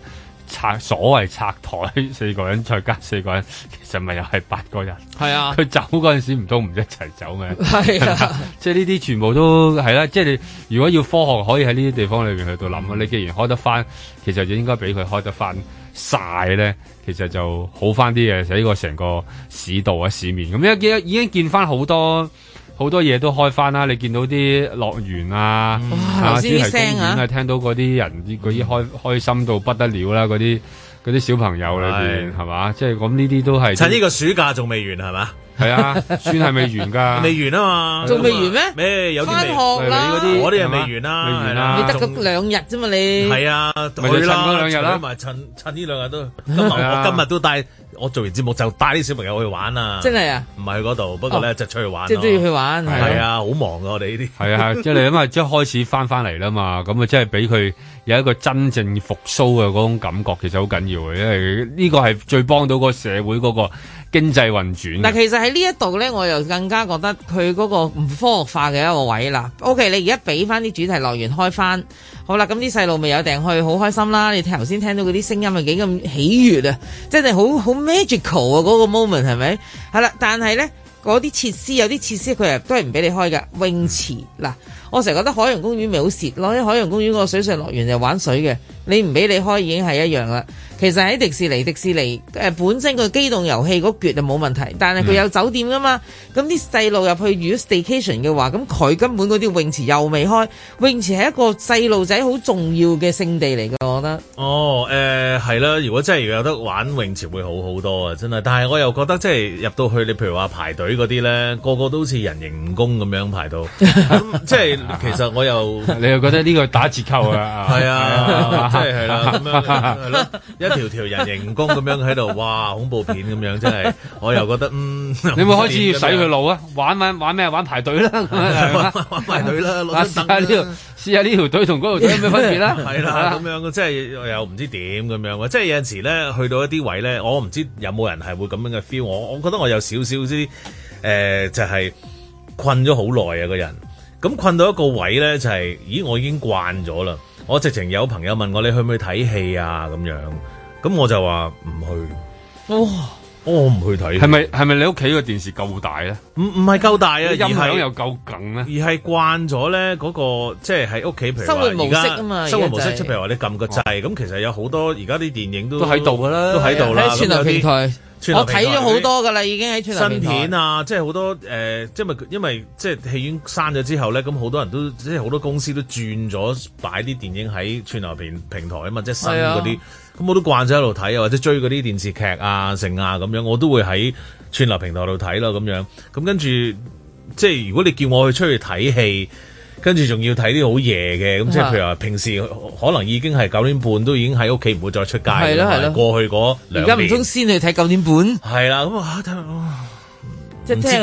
拆所謂拆台四個人再加四個人，其實咪又係八個人。係是啊，佢走嗰陣時唔通唔一齊走咩？係是啊， (laughs) 啊，即係呢啲全部都係啦。即係你如果要科學，可以喺呢啲地方裏邊去到諗啊。嗯、你既然開得翻，其實就應該俾佢開得翻晒。咧。其實就好翻啲嘅。就呢、是、個成個市道啊，市面咁一見已經見翻好多。好多嘢都開翻啦，你見到啲樂園啊，主題公園啊，聽到嗰啲人啲嗰啲開開心到不得了啦，嗰啲啲小朋友裏邊係嘛？即係咁呢啲都係趁呢個暑假仲未完係嘛？係啊，算係未完㗎，未完啊嘛，仲未完咩？誒，有啲學，我啲又未完啦，未完啦，你得個兩日啫嘛？你係啊，咪諗兩日啦，咪趁趁呢兩日都，今日今日都帶。我做完節目就帶啲小朋友去玩啊！真係啊，唔係嗰度，不過咧、哦、就出去玩，啊。即係都要去玩。係啊，好、啊啊、忙噶，啊、我哋呢啲。係啊係， (laughs) 即係因為即係開始翻翻嚟啦嘛，咁啊即係俾佢有一個真正復甦嘅嗰種感覺，其實好緊要嘅，啊，因為呢個係最幫到個社會嗰個經濟運轉。但其實喺呢一度咧，我又更加覺得佢嗰個唔科學化嘅一個位啦。OK，你而家俾翻啲主題樂園開翻。好啦，咁啲細路咪有訂去，好開心啦！你頭先聽到嗰啲聲音係幾咁喜悅啊，真係好好 magical 啊，嗰個 moment 係咪？係啦，但係呢，嗰啲設施有啲設施佢誒都係唔俾你開噶，泳池嗱。我成日覺得海洋公園咪好蝕咯，喺海洋公園個水上樂園就玩水嘅，你唔俾你開已經係一樣啦。其實喺迪士尼，迪士尼誒本身個機動遊戲嗰撅就冇問題，但係佢有酒店噶嘛，咁啲細路入去如果 staycation 嘅話，咁佢根本嗰啲泳池又未開，泳池係一個細路仔好重要嘅聖地嚟㗎，我覺得。哦，誒係啦，如果真係有得玩泳池會好好多啊，真係。但係我又覺得即係入到去，你譬如話排隊嗰啲呢，個個都似人形蜈蚣咁樣排到， (laughs) 嗯、即係。其實我又， (laughs) 你又覺得呢個打折扣啦，係 (laughs) 啊，即係係啦，咁樣係咯，一條條人形工咁樣喺度，哇，恐怖片咁樣，真係，我又覺得嗯，你會開始要洗佢腦啊， (laughs) 玩玩玩咩玩排隊啦，玩排隊啦，試 (laughs) 下呢 (laughs) 條，試下呢條隊同嗰條隊有咩分別啦、啊，係啦、 (laughs) 啊，咁樣嘅，即係又唔知點咁樣啊，即係有陣時咧去到一啲位咧，我唔知有冇人係會咁樣嘅 feel，我我覺得我有少少啲誒、呃，就係、是、困咗好耐啊個人。咁、嗯、困到一個位咧，就係、是，咦，我已經慣咗啦。我直情有朋友問我，你去唔去睇戲啊？咁樣，咁我就話唔去。哇、哦哦，我唔去睇。係咪係咪你屋企個電視夠大咧？唔唔係夠大啊， (laughs) 音響又夠勁咧、啊。而係慣咗咧，嗰、那個即係喺屋企譬如生活模式啊嘛，生活模式即係譬如話你撳個掣，咁、哦、其實有好多而家啲電影都喺度噶啦，都喺度啦，咁樣。我睇咗好多噶啦，已經喺串流平台。新片啊，即係好多誒、呃，即係因為即係戲院閂咗之後咧，咁好多人都即係好多公司都轉咗擺啲電影喺串流平平台啊嘛，即係新嗰啲，咁、啊、我都慣咗喺度睇啊，或者追嗰啲電視劇啊成啊咁樣，我都會喺串流平台度睇咯咁樣，咁跟住即係如果你叫我去出去睇戲。跟住仲要睇啲好夜嘅，咁即係譬如話平時可能已經係九點半都已經喺屋企，唔會再出街。係咯係咯，過去嗰兩年。而家唔通先去睇九點半？係啦，咁啊，即係唔知點咁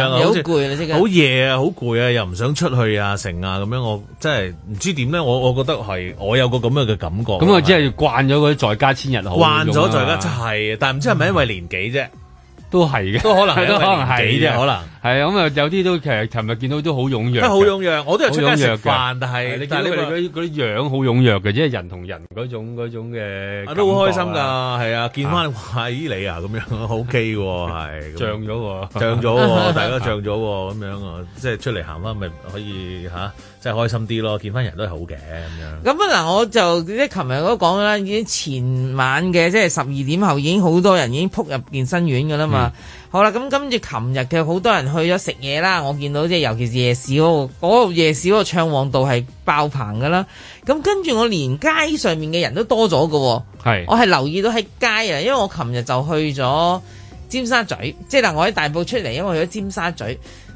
樣，好攰啊！即係好夜啊，好攰啊，又唔想出去啊，成啊咁樣，我真係唔知點咧。我我覺得係我有個咁樣嘅感覺。咁啊，即係慣咗嗰啲在家千日好。慣咗在家就係，但係唔知係咪因為年紀啫？都係嘅，都可能都可能係啫，可能。係啊，咁啊有啲都其實尋日見到都好踴躍，都好踴躍，我都有間食飯，但係你見到佢嗰啲嗰樣好踴躍嘅，即係人同人嗰種嘅，都好開心㗎，係啊，見翻喺你啊咁樣，好 OK 喎，係漲咗喎，漲咗喎，大家漲咗喎，咁樣啊，即係出嚟行翻咪可以吓，即係開心啲咯，見翻人都係好嘅咁樣。咁啊嗱，我就即係尋日都講啦，已經前晚嘅，即係十二點後已經好多人已經撲入健身院㗎啦嘛。好啦，咁跟住琴日嘅好多人去咗食嘢啦，我見到即係尤其是夜市嗰個，夜市嗰個暢旺度係爆棚噶啦。咁跟住我連街上面嘅人都多咗㗎喎。係是，我係留意到喺街啊，因為我琴日就去咗尖沙咀，即係嗱我喺大埔出嚟，因為去咗尖沙咀。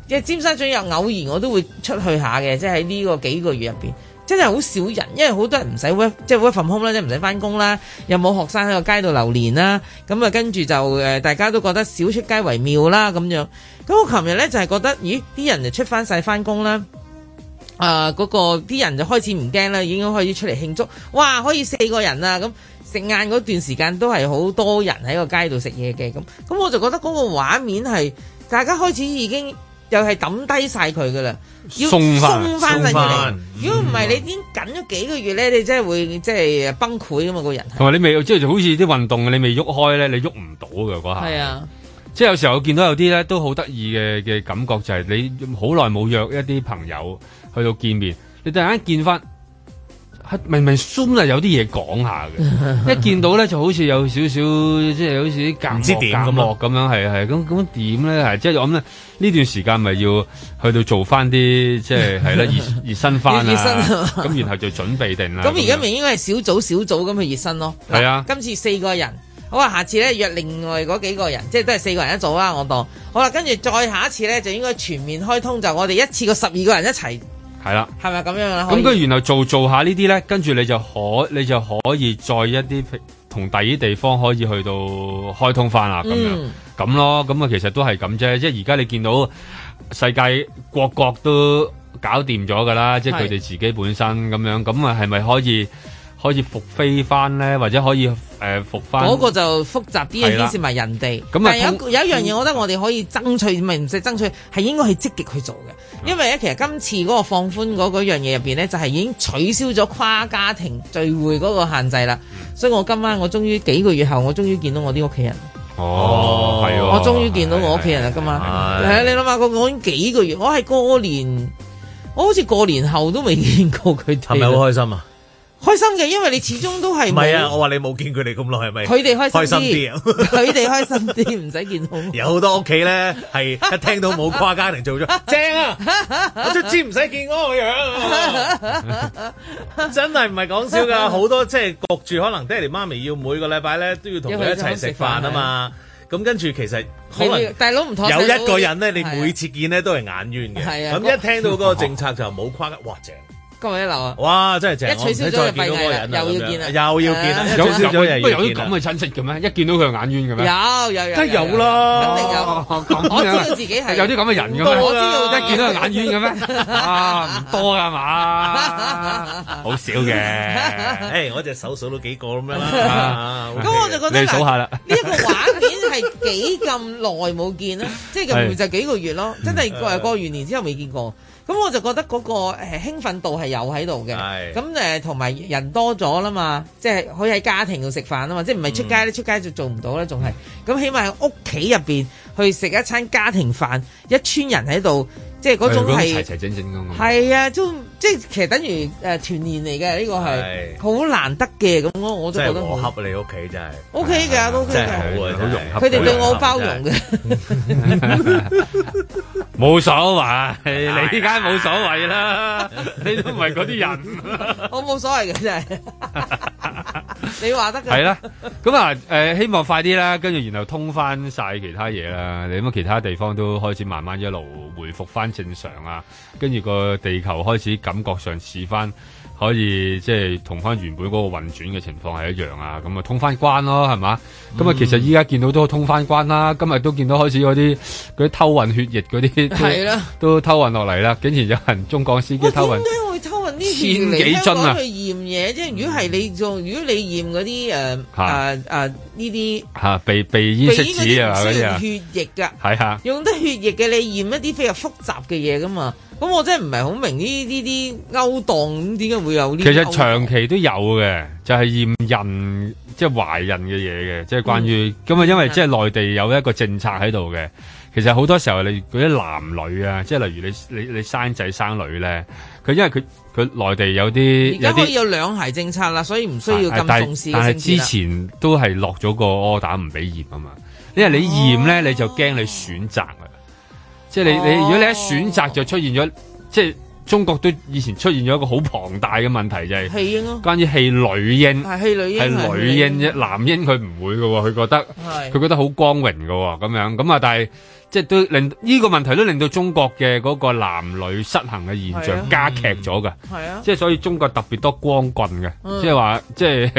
即係尖沙咀有偶然我都會出去下嘅，即係喺呢個幾個月入邊。真係好少人，因為好多人唔使 work，即係 work from home 啦，即唔使翻工啦，又冇學生喺個街度流連啦，咁啊跟住就誒，大家都覺得少出街為妙啦咁樣。咁我琴日呢，就係、是、覺得，咦啲人就出翻晒翻工啦，啊、呃、嗰、那個啲人就開始唔驚啦，已經可以出嚟慶祝，哇可以四個人啊，咁食晏嗰段時間都係好多人喺個街度食嘢嘅咁，咁我就覺得嗰個畫面係大家開始已經。又係抌低晒佢噶啦，要鬆翻鬆翻。如果唔係，你已經緊咗幾個月咧，嗯、你真係會即係崩潰噶嘛個人。同埋你未即係就係、好似啲運動你未喐開咧，你喐唔到嘅嗰下。係啊，即係有時候我見到有啲咧都好得意嘅嘅感覺，就係、係、你好耐冇約一啲朋友去到見面，你突然間見翻。明明 Zoom 啊，有啲嘢講下嘅，一見到咧就好似有少少，即係好似啲隔唔知點咁咯，咁樣係啊咁咁點咧係，即係我諗咧呢段時間咪要去到做翻啲，即係係啦，熱熱身翻熱身啊，咁 (laughs) 然後就準備定啦。咁而家咪應該係小組小組咁去熱身咯。係是啊，今次四個人，好啊，下次咧約另外嗰幾個人，即係都係四個人一組啦，我當好啦，跟住再下一次咧就應該全面開通，就我哋一次過十二個人一齊。係啦，係咪咁樣啦？咁跟住，然後做做下呢啲咧，跟住你就可，你就可以再一啲同第二地方可以去到開通翻啦，咁、嗯、樣咁咯。咁啊，其實都係咁啫。即係而家你見到世界各國都搞掂咗噶啦，即係佢哋自己本身咁是樣。咁啊，係咪可以可以復飛翻咧？或者可以誒復翻？嗰、呃、個就複雜啲啊，牽涉埋人哋。咁啊了跟，有有一樣嘢，我覺得我哋可以爭取，咪唔使爭取，係應該係積極去做嘅。因為咧，其實今次嗰個放寬嗰樣嘢入邊咧，就係已經取消咗跨家庭聚會嗰個限制啦。所以我今晚我終於幾個月後，我終於見到我啲屋企人。哦，係喎，我終於見到我屋企人啦，哦、今晚。係啊，你諗下，我已經幾個月，我係過年，我好似過年後都未見過佢哋。係咪好開心啊？開心嘅，因為你始終都係唔係啊？我話你冇見佢哋咁耐，係咪？佢哋開心啲，啊，佢哋開心啲，唔使 (laughs) 見到。 (laughs) 有好多屋企咧，係一聽到冇跨家庭做咗， (laughs) (laughs) 正啊！我都知唔使見嗰個樣，啊， (laughs) 真係唔係講笑噶。好 (laughs) 多即係焗住，可能爹哋媽咪要每個禮拜咧都要同佢一齊食飯啊嘛。咁的跟住其實可能大佬唔同。有一個人咧，你每次見咧都係眼冤嘅。係啊是的，咁， (laughs) 嗯、一聽到嗰個政策就冇跨，哇正！我喺度留啊！哇，真係正，一取消咗都費事，又要見啦，又要見。有啲咁嘅親戚嘅咩？一見到佢就眼冤嘅咩？有有有，梗係有啦，肯定有。我知道自己係有啲咁嘅人嘅咩？我知道一見到就眼冤嘅咩？唔多啊嘛，好少嘅。誒，我隻手數到幾個咁樣啦。咁我就覺得，你數下啦。呢一幅畫片係幾咁耐冇見咧？即係譬如就幾個月咯，真係過過完年之後未見過。咁我就覺得嗰、那個誒、呃、興奮度係有喺度嘅，咁誒同埋人多咗啦嘛，即係可以喺家庭度食飯啊嘛，即係唔係出街咧？嗯、出街就做唔到咧，仲係咁，起碼喺屋企入邊。去食一餐家庭飯，一村人喺度，即係嗰種係齊齊整整咁。係啊，都即係其實等於誒、呃、團年嚟嘅呢個係好的難得嘅咁咯。我即係我恰你屋企真係 OK 㗎，OK 好融合。佢哋對我好包容嘅，冇 (laughs) 所謂， (laughs) 你啲梗冇所謂啦， (laughs) 你都唔係嗰啲人， (laughs) 我冇所謂嘅真係， (laughs) 你話得。係啦 (laughs) 咁啊誒，希望快啲啦，跟住然後通翻晒其他嘢啦。誒，你乜其他地方都開始，慢慢一路回復翻正常啊，跟住個地球開始感覺上似翻，可以即係同翻原本嗰個運轉嘅情況係一樣啊，咁啊通翻關咯，係嘛？咁啊、嗯、其實依家見到都通翻關啦，今日都見到開始嗰啲嗰啲偷運血液嗰啲，係啦，都、啊、都偷運落嚟啦，竟然有人中港司機偷運。偷運呢啲香港去驗嘢，即係、嗯、如果係你做，如果你驗嗰啲誒誒誒呢啲吓，鼻鼻咽拭子啊，啊啊啊血液噶，係吓，用得血液嘅你驗一啲非常複雜嘅嘢噶嘛，咁我真係唔係好明呢呢啲勾當，點解會有呢？其實長期都有嘅，就係驗孕，即係懷孕嘅嘢嘅，即、就、係、是、關於咁啊，嗯、因為即係內地有一個政策喺度嘅。其實好多時候你嗰啲男女啊，即係例如你你你生仔生女咧，佢因為佢佢內地有啲而家可以有兩孩政策啦，所以唔需要咁重視。但係之前都係落咗個 order 唔俾驗啊嘛，因為你驗咧、哦、你就驚你選擇啊，即係你你、哦、如果你一選擇就出現咗，即係中國都以前出現咗一個好龐大嘅問題就係棄嬰咯，關於棄女嬰係女嬰係女嬰啫，男嬰佢唔會噶，佢覺得佢是覺得好光榮噶，咁樣咁啊，但係。即係都令呢個問題都令到中國嘅嗰個男女失衡嘅現象加劇咗㗎，即係所以中國特別多光棍嘅，即係話即係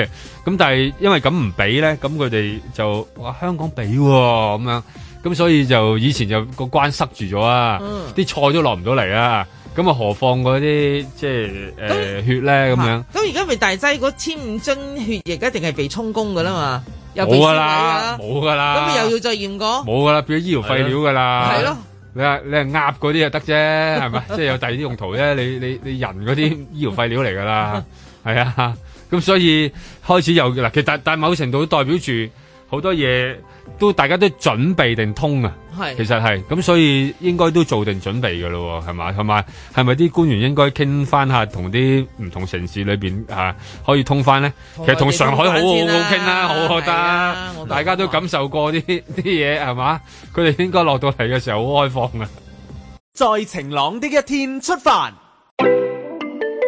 咁。但係因為咁唔俾咧，咁佢哋就話香港俾喎咁樣，咁所以就以前就個關塞住咗啊，啲菜都落唔到嚟啊，咁啊何況嗰啲即係誒血咧咁樣。咁而家咪大劑，嗰千五樽血液，一定係被充公㗎啦嘛。冇噶啦，冇噶啦，咁你又要再驗過？冇噶啦，變咗醫療廢料噶啦。係咯，你啊，你啊鴨嗰啲就得啫，係咪？即係有第二啲用途啫。你你你人嗰啲醫療廢料嚟噶啦，係啊。咁所以開始又嗱，其實但但某程度都代表住好多嘢。都大家都準備定通啊，其實係咁，是所以應該都做定準備嘅咯，係嘛？係咪？係咪啲官員應該傾翻下同啲唔同城市裏邊啊可以通翻咧？他其實同上海好好、啊、好傾啦，好得，啊、好的大家都感受過啲啲嘢係嘛？佢哋 (laughs) 應該落到嚟嘅時候好開放啊！在晴朗的一天出發。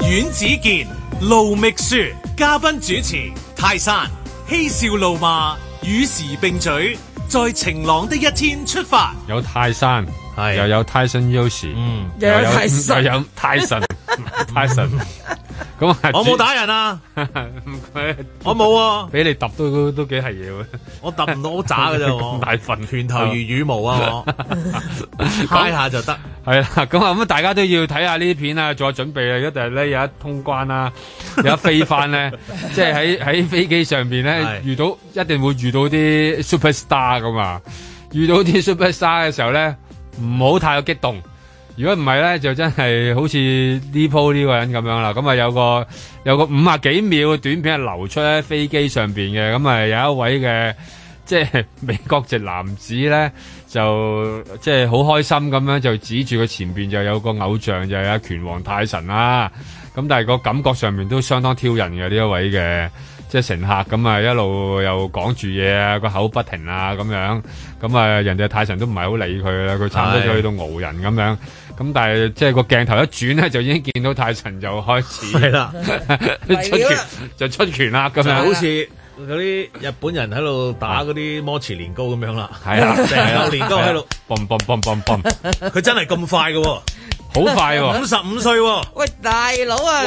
阮子健、盧覓雪，嘉賓主持泰山，嬉笑怒罵，與時並進。在晴朗的一天出發，有泰山，係又有泰山，又有泰神 Uzi，又有泰神，泰神。咁、嗯、我冇打人啊 (laughs) 打，我冇啊，俾你揼都都都幾係嘢喎，我揼唔到好渣嘅啫，大份拳頭如羽毛啊我， (laughs) 揩 (laughs) (laughs) 下就得、 (laughs) 嗯，係啦，咁啊咁大家都要睇下呢啲片啊，做下準備啊，一定咧有一通關啊，有一飛翻咧， (laughs) 即係喺喺飛機上邊咧 (laughs) 遇到，一定會遇到啲 Superstar 噶啊，遇到啲 Superstar 嘅時候咧，唔好太有激動。如果唔係呢，就真係好似呢鋪呢個人咁樣啦。咁啊有個有個五啊幾秒嘅短片係流出喺飛機上邊嘅。咁啊有一位嘅即係美國籍男子呢，就即係好開心咁樣就指住佢前邊就有個偶像就係、是、阿拳王泰臣啦，啊。咁但係個感覺上面都相當挑釁嘅呢一位嘅。即係乘客咁啊，一路又講住嘢啊，個口不停啊咁樣，咁啊人哋太神都唔係好理佢啦，佢慘得就去到傲人咁樣，咁但係即係個鏡頭一轉咧，就已經見到太神就開始係啦， (laughs) 出拳就出拳啦咁樣，好似嗰啲日本人喺度打嗰啲摩切年糕咁樣啦，係啊的，成嚿 (laughs) 年糕喺度，嘣嘣嘣嘣嘣，佢 (laughs) 真係咁快嘅喎！好快喎，五十五歲喎！喂，大佬啊！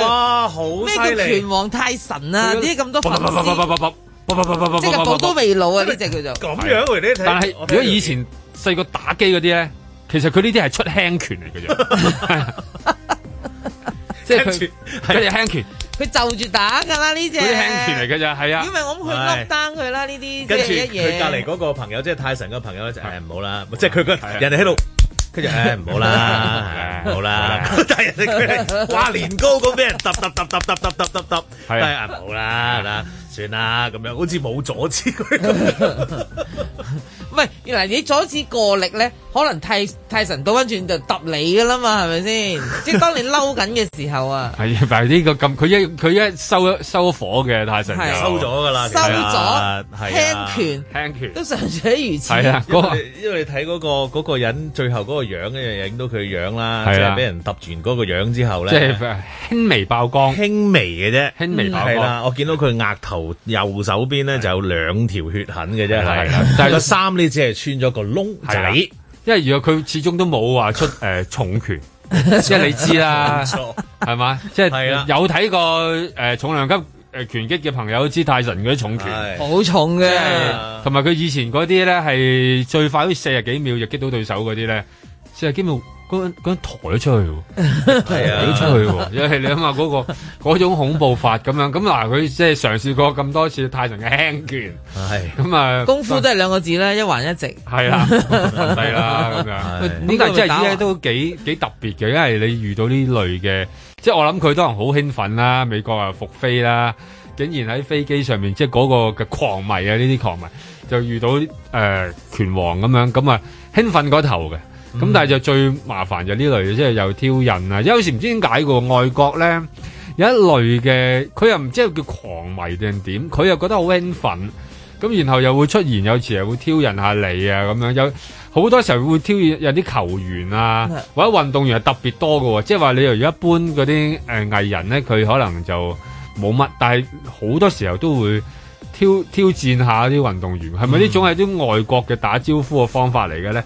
哇，好犀利！咩叫拳王泰神啊？啲咁多粉絲，即係都未老啊！呢隻叫做咁樣嚟睇。但係如果以前細個打機嗰啲咧，其實佢呢啲係出輕拳嚟嘅啫，即係跟住跟住輕拳，佢就住打㗎啦呢隻。啲輕拳嚟嘅啫，係啊！因為我咁去笠單佢啦，呢啲即係一嘢。佢隔離嗰個朋友，即係泰神嘅朋友咧，就係唔好啦，即係佢個人哋喺度。佢就誒唔好啦，唔好啦，但係人哋，佢哋話年糕咁俾人揼揼揼揼揼揼揼揼揼，係啊，唔好啦啦。算啦，咁樣好似冇阻止佢。唔係，原來你阻止過力咧，可能泰泰神倒翻轉就揼你噶啦嘛，係咪先？即係當你嬲緊嘅時候啊，係，但係呢個咁，佢一佢一收收火嘅泰神，收咗噶啦，收咗，輕拳輕拳都尚且如此。係啊，因為你睇嗰個嗰個人最後嗰個樣咧，又影到佢樣啦，即係俾人揼完嗰個樣之後咧，即係輕微曝光，輕微嘅啫，輕微曝光，係啦，我見到佢額頭。右手邊咧的就有兩條血痕嘅啫，係的，的但係個衫呢只係穿咗個窿仔，因為如果佢始終都冇話出誒、 (laughs) 呃、重拳。 (laughs) 即係你知啦，係嘛， (laughs) 即係有睇過誒、呃、重量級誒拳擊嘅朋友知泰神嗰啲重拳好的的重嘅，同埋佢以前嗰啲咧係最快好似四十幾秒就擊到對手嗰啲咧，四十幾秒。嗰陣抬咗出去喎，抬咗出去喎，因為 (laughs) 你諗下嗰個嗰種恐怖法咁樣，咁嗱佢即係嘗試過咁多次太神嘅輕拳，係咁啊功夫都係兩個字啦，一橫一直，係 (laughs) 啦、啊，係啦咁樣。咁 (laughs) 但係即係都幾幾特別嘅，因為你遇到呢類嘅，即係我諗佢都係好興奮啦，美國啊復飛啦，竟然喺飛機上面即係嗰個嘅狂迷啊呢啲狂迷就遇到誒、呃、拳王咁樣，咁啊興奮過頭嘅。咁、嗯、但係就最麻煩就呢類，即係又挑釁啊！有時唔知點解個外國咧有一類嘅，佢又唔知係叫狂迷定點，佢又覺得好興奮，咁然後又會出現有時又會挑釁下你啊咁樣，有好多時候會挑釁有啲球員啊，的或者運動員係特別多嘅、啊，即係話你由一般嗰啲誒藝人咧，佢可能就冇乜，但係好多時候都會挑挑戰下啲運動員，係咪呢種係啲外國嘅打招呼嘅方法嚟嘅咧？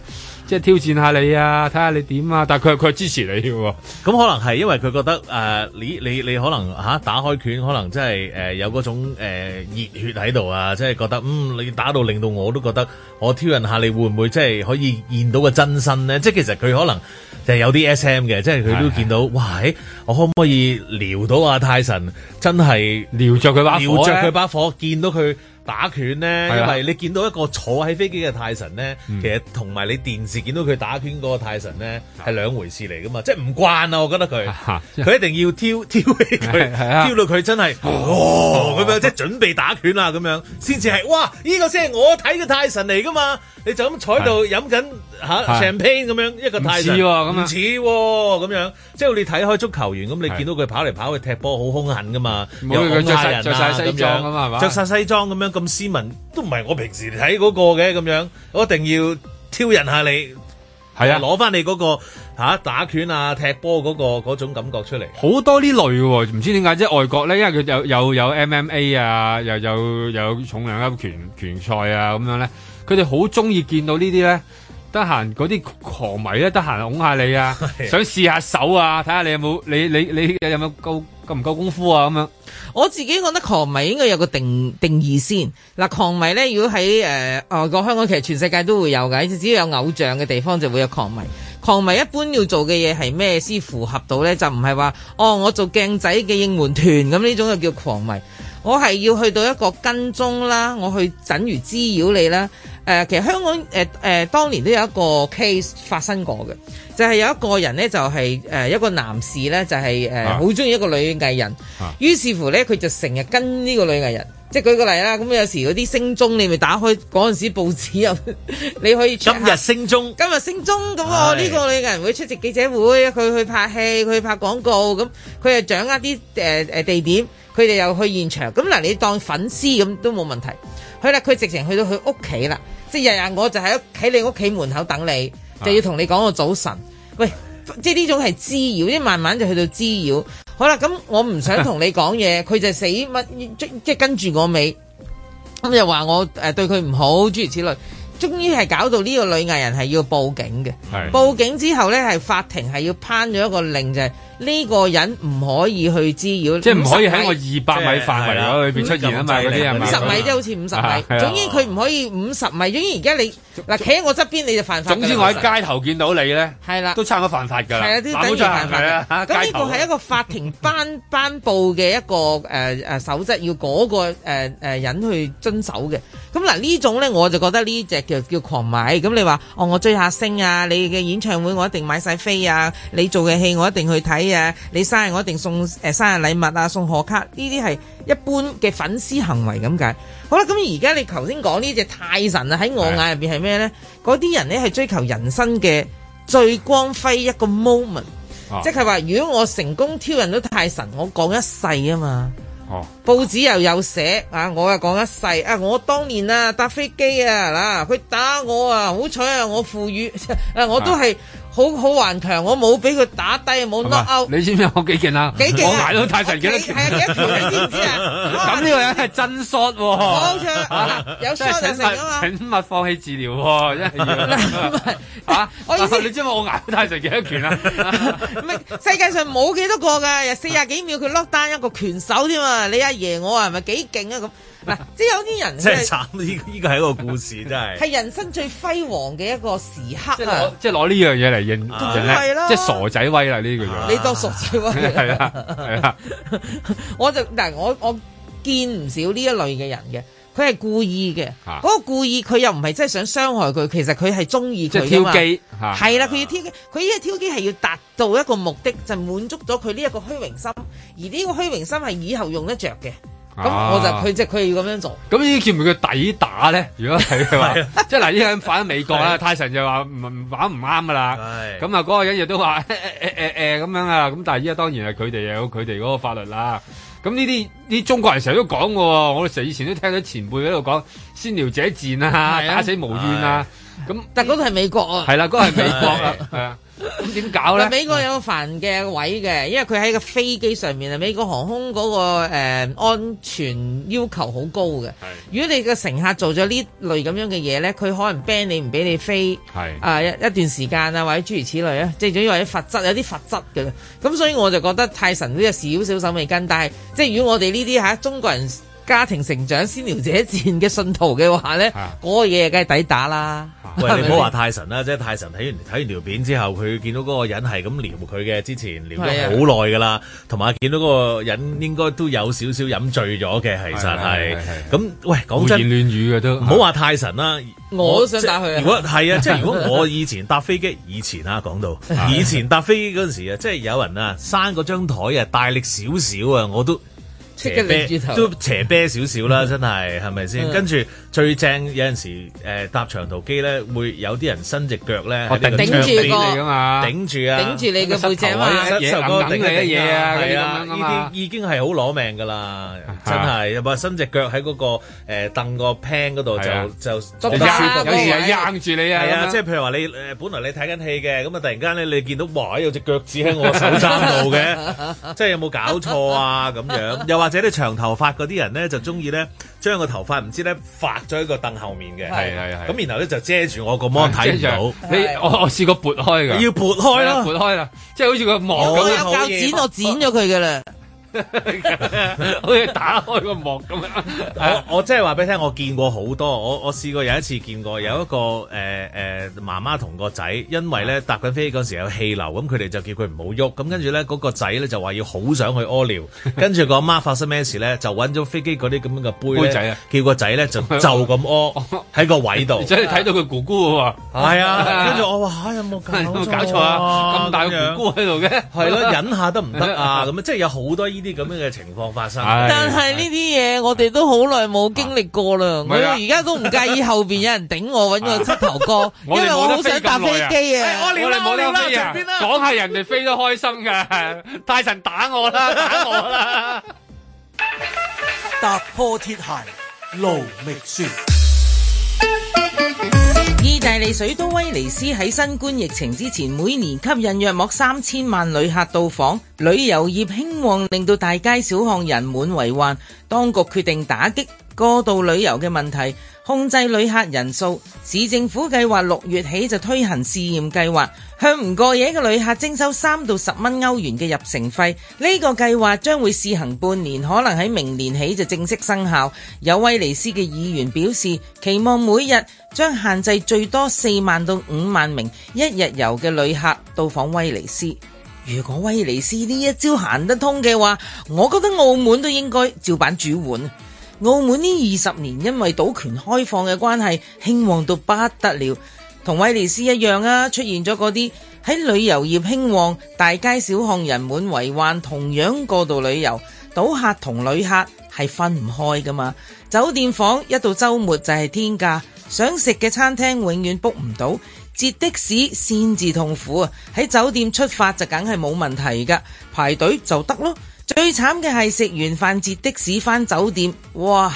即係挑戰下你啊，睇下你點啊！但係佢佢係支持你嘅、啊，咁可能係因為佢覺得誒、呃，你你你可能吓打開拳，可能真係誒有嗰種誒熱血喺度啊！即係覺得嗯，你打到令到我都覺得我挑釁下你，會唔會即係可以見到個真身咧？即係其實佢可能就係有啲 S M 嘅，即係佢都見到喂、欸，我可唔可以撩到阿泰神？真係撩着佢把火咧、啊！撩着佢把火，見到佢。打拳咧，因為你見到一個坐喺飛機嘅泰神咧，其實同埋你電視見到佢打拳嗰個泰神咧係兩回事嚟噶嘛，即係唔慣啊！我覺得佢，佢一定要挑挑起佢，挑到佢真係哦咁樣，即係準備打拳啦咁樣，先至係哇！呢個先係我睇嘅泰神嚟噶嘛，你就咁坐度飲緊嚇 champagne 咁樣一個泰神，唔似唔似喎咁樣，即係你睇開足球員，咁你見到佢跑嚟跑去踢波好凶狠噶嘛，因為佢着晒著曬西裝啊嘛，著曬西裝咁樣。咁斯文都唔係我平時睇嗰個嘅咁樣，我一定要挑釁下你，係啊，攞翻你嗰個吓打拳啊、踢波嗰個嗰種感覺出嚟。好多呢類嘅，唔知點解即係外國咧，因為佢有有有 MMA 啊，又有有重量級拳拳賽啊咁樣咧，佢哋好中意見到呢啲咧，得閒嗰啲狂迷咧，得閒拱下你啊，想試下手啊，睇下你有冇你你你，你有冇夠夠唔夠功夫啊咁樣。我自己覺得狂迷應該有個定定義先嗱，狂迷咧，如果喺誒外國、呃哦、香港，其實全世界都會有嘅，只要有偶像嘅地方就會有狂迷。狂迷一般要做嘅嘢係咩先符合到呢？就唔係話哦，我做鏡仔嘅應援團咁呢種就叫狂迷。我係要去到一個跟蹤啦，我去準如滋擾你啦。誒、呃，其實香港誒誒、呃呃，當年都有一個 case 發生過嘅，就係、是、有一個人呢，就係、是、誒、呃、一個男士呢，就係誒好鍾意一個女藝人。啊、於是乎呢，佢就成日跟呢個女藝人，即、啊、舉個例啦。咁、嗯、有時嗰啲星蹤你咪打開嗰陣時報紙入， (laughs) 你可以今日星蹤，今日星蹤咁啊！呢、嗯是哦呢個女藝人會出席記者會，佢去拍戲，佢去拍廣告，咁佢又掌握啲誒誒地點。佢哋又去現場，咁嗱你當粉絲咁都冇問題。去啦，佢直情去到佢屋企啦，即係日日我就喺屋企你屋企門口等你，就要同你講個早晨。喂，即係呢種係滋擾，即慢慢就去到滋擾。好啦，咁我唔想同你講嘢，佢 (laughs) 就死乜即即跟住我尾，咁又話我誒對佢唔好，諸如此類。終於係搞到呢個女藝人係要報警嘅，報警之後咧係法庭係要頒咗一個令，就係呢個人唔可以去滋擾。即係唔可以喺我二百米範圍裏邊出現啊嘛！嗰啲啊嘛，五十米即好似五十米。總之佢唔可以五十米。總之而家你嗱企喺我側邊你就犯法。總之我喺街頭見到你咧，係啦，都差唔多犯法㗎啦。咁呢個係一個法庭頒頒布嘅一個誒誒守則，要嗰個誒誒人去遵守嘅。咁嗱呢種咧，我就覺得呢隻。叫叫狂買咁、嗯，你話哦，我追下星啊！你嘅演唱會我一定買晒飛啊！你做嘅戲我一定去睇啊！你生日我一定送誒、呃、生日禮物啊，送賀卡呢啲係一般嘅粉絲行為咁解。好啦，咁而家你頭先講呢隻泰神啊，喺我眼入邊係咩呢？嗰啲的人呢係追求人生嘅最光輝一個 moment，、啊、即係話如果我成功挑引到泰神，我講一世啊嘛。哦、報紙又有寫啊，我啊講一世啊，我當年啊搭飛機啊嗱，佢、啊、打我啊，好彩啊，我富裕，啊我都係。啊好好頑強，我冇俾佢打低，冇 knock out。你知唔知我幾勁啊？幾勁？我挨到泰拳幾多拳，你知唔知啊？咁呢個人係真 short 喎、啊！好 (laughs) 啊，有 short 就太成啊嘛。請勿放棄治療喎、啊，真係要。啊！我意你知唔知我挨泰拳幾多拳啊？ (laughs) (laughs) 世界上冇幾多個㗎，又四廿幾秒佢 lock down 一個拳手添啊！你阿爺我是是啊，係咪幾勁啊咁？嗱，即係有啲人，真係慘！呢呢個係一個故事，真係係人生最輝煌嘅一個時刻 (laughs) 即係攞呢樣嘢嚟認，係咯，即係傻仔威啦呢個樣。啊、你當傻仔威？係啊係啊！ (laughs) 啊啊 (laughs) 我就但，我我見唔少呢一類嘅人嘅，佢係故意嘅。嗰、啊、個故意，佢又唔係真係想傷害佢，其實佢係中意佢啊嘛。挑機、係啦，佢要挑機，佢呢、啊啊、個挑機係要達到一個目的，就係、滿足咗佢呢一個虛榮心，而呢個虛榮心係以後用得着嘅。咁、啊、我就佢即係佢要咁樣做。咁呢啲叫唔叫抵打咧？ (laughs) 如果係 (laughs) (laughs) 即係嗱，依家反美國啦， (laughs) 泰臣就話唔玩唔啱噶啦。咁啊，嗰的個人亦都話誒誒誒咁樣啊。咁但係依家當然係佢哋有佢哋嗰個法律啦。咁呢啲啲中國人成日都講嘅喎，我哋成日以前都聽到，前輩喺度講先撩者賤啊，打死無怨啊。的咁但嗰度係美國啊，係啦，嗰、 (noise) 那個係美國啦，係啊 (laughs) 的，咁點搞咧？嗯嗯嗯、美國有煩嘅位嘅，因為佢喺個飛機上面啊，美國航空嗰、那個、呃、安全要求好高嘅。係的，如果你嘅乘客做咗呢類咁樣嘅嘢咧，佢可能 ban 你唔俾你飛。係啊的、呃，一一段時間啊，或者諸如此類啊，即係總之或者罰則有啲罰則嘅。咁所以我就覺得泰神都有少少手尾跟，但係即係如果我哋呢啲嚇中國人。家庭成長先撩者戰嘅信徒嘅話咧，個嘢梗係抵打啦。喂，你唔好話泰神啦，即係泰神睇完睇完條片之後，佢見到嗰個人係咁撩佢嘅，之前撩咗好耐噶啦，同埋見到嗰個人應該都有少少飲醉咗嘅，其實係。咁喂，講真胡言亂語嘅都唔好話泰神啦，我都想打佢啊。如果係啊，即係如果我以前搭飛機，以前啊講到以前搭飛機嗰陣時啊，即係有人啊，生嗰張枱啊，大力少少啊，我都。斜啤都斜啤少少啦，真係係咪先？跟住。最正有陣時誒搭長途機咧，會有啲人伸隻腳咧，頂住個頂住啊，頂住你嘅背脊啊嘢啊，濕手哥頂你嘅嘢啊，係啊，呢啲已經係好攞命噶啦，真係有冇伸隻腳喺嗰個誒凳個 pan 嗰度就就掙住你啊，係啊，即係譬如話你誒本來你睇緊戲嘅，咁啊突然間咧你見到哇有隻腳趾喺我手踭度嘅，即係有冇搞錯啊咁樣？又或者你長頭髮嗰啲人咧就中意咧將個頭髮唔知咧發。喺個凳後面嘅，係係係。咁然後咧就遮住我個網，睇唔到。住是你我我試過撥開㗎。要撥開啦，撥開啦、啊、撥開啦，即係好似個網咁、嗯。教、嗰個、剪我剪咗佢㗎啦。 (laughs) (laughs) 好似打開個幕咁樣、啊 (laughs) 我，我我即係話俾你聽，我見過好多，我我試過有一次見過有一個誒誒、呃呃、媽媽同個仔，因為咧搭緊飛機嗰時候有氣流，咁佢哋就叫佢唔好喐，咁跟住咧嗰個仔咧就話要好想去屙尿，跟住個媽發生咩事咧，就搵咗飛機嗰啲咁樣嘅杯仔啊，叫個仔咧就就咁屙喺個位度，即係睇到佢姑姑喎，係啊、 (laughs) 嗯，跟住我話、哎、有冇搞錯啊？咁、哎、大個姑姑喺度嘅，係咯，忍下得唔得啊？咁 (laughs) 即係有好多啲咁樣嘅情況發生，哎、呀但係呢啲嘢我哋都好耐冇經歷過啦。啊、我而家都唔介意後邊有人頂我揾個膝頭哥， (laughs) 因為我好想搭飛機啊！哎、我哋冇呢啲啊，講下人哋飛得開心嘅，太 (laughs) 神打我啦，打我啦！踏 (laughs) 破鐵鞋路未絕。意大利水都威尼斯喺新冠疫情之前，每年吸引約莫三千萬旅客到訪，旅遊業興旺令到大街小巷人滿為患，當局決定打擊過度旅遊嘅問題。控制旅客人數，市政府計劃六月起就推行試驗計劃，向唔過夜嘅旅客徵收三到十蚊歐元嘅入城費。呢個計劃將會試行半年，可能喺明年起就正式生效。有威尼斯嘅議員表示，期望每日將限制最多四萬到五萬名一日遊嘅旅客到訪威尼斯。如果威尼斯呢一招行得通嘅話，我覺得澳門都應該照板煮碗。澳門呢二十年因為賭權開放嘅關係興旺到不得了，同威尼斯一樣啊！出現咗嗰啲喺旅遊業興旺，大街小巷人滿為患，同樣過度旅遊，賭客同旅客係分唔開噶嘛？酒店房一到周末就係天價，想食嘅餐廳永遠 book 唔到，截的士先至痛苦啊！喺酒店出發就梗係冇問題噶，排隊就得咯。最慘嘅係食完飯截的士翻酒店，哇！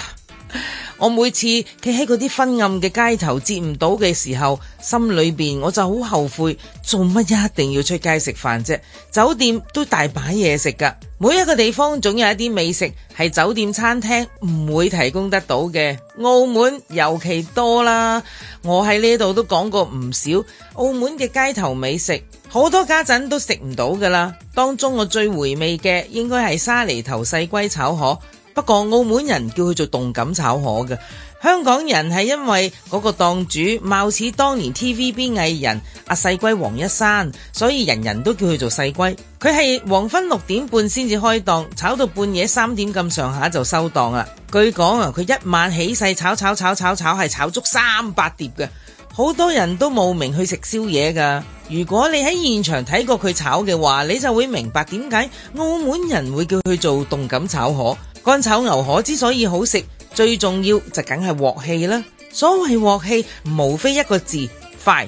我每次企喺嗰啲昏暗嘅街頭接唔到嘅時候，心裏邊我就好後悔，做乜一定要出街食飯啫？酒店都大把嘢食噶，每一個地方總有一啲美食係酒店餐廳唔會提供得到嘅。澳門尤其多啦，我喺呢度都講過唔少澳門嘅街頭美食，好多家陣都食唔到噶啦。當中我最回味嘅應該係沙梨頭細龜炒河。不過澳門人叫佢做動感炒河嘅，香港人係因為嗰個檔主貌似當年 TVB 藝人阿細龜黃一山，所以人人都叫佢做細龜。佢係黃昏六點半先至開檔，炒到半夜三點咁上下就收檔啦。據講啊，佢一晚起勢炒炒炒炒炒炒，係炒足三百碟嘅，好多人都慕名去食宵夜噶。如果你喺現場睇過佢炒嘅話，你就會明白點解澳門人會叫佢做動感炒河。乾炒牛河之所以好食，最重要就梗係鑊氣啦。所謂鑊氣，無非一個字，快。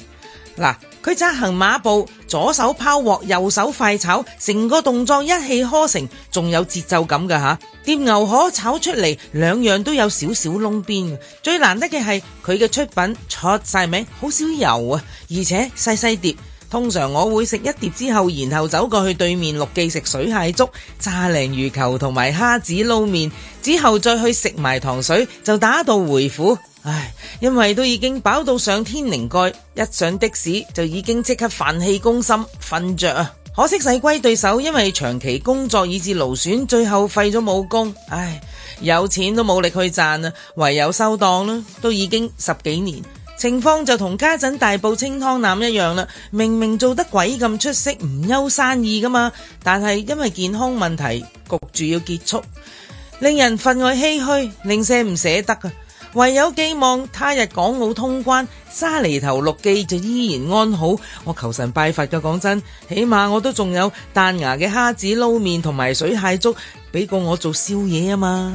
嗱，佢紮行馬步，左手拋鑊，右手快炒，成個動作一氣呵成，仲有節奏感㗎。吓，碟牛河炒出嚟，兩樣都有少少窿邊，最難得嘅係佢嘅出品出晒名，好少油啊，而且細細碟。通常我會食一碟之後，然後走過去對面陸記食水蟹粥、炸鯪魚球同埋蝦子撈麵，之後再去食埋糖水，就打道回府。唉，因為都已經飽到上天靈蓋，一上的士就已經即刻飯氣攻心，瞓着。啊！可惜細龜對手因為長期工作以致勞損，最後廢咗武功。唉，有錢都冇力去賺啊，唯有收檔啦，都已經十幾年。情況就同家陣大埔清湯腩一樣啦，明明做得鬼咁出色，唔憂生意噶嘛，但係因為健康問題焗住要結束，令人分外唏噓，令捨唔捨得噶，唯有寄望他日港澳通關，沙梨頭六記就依然安好。我求神拜佛嘅，講真，起碼我都仲有彈牙嘅蝦子撈麵同埋水蟹粥俾過我做宵夜啊嘛。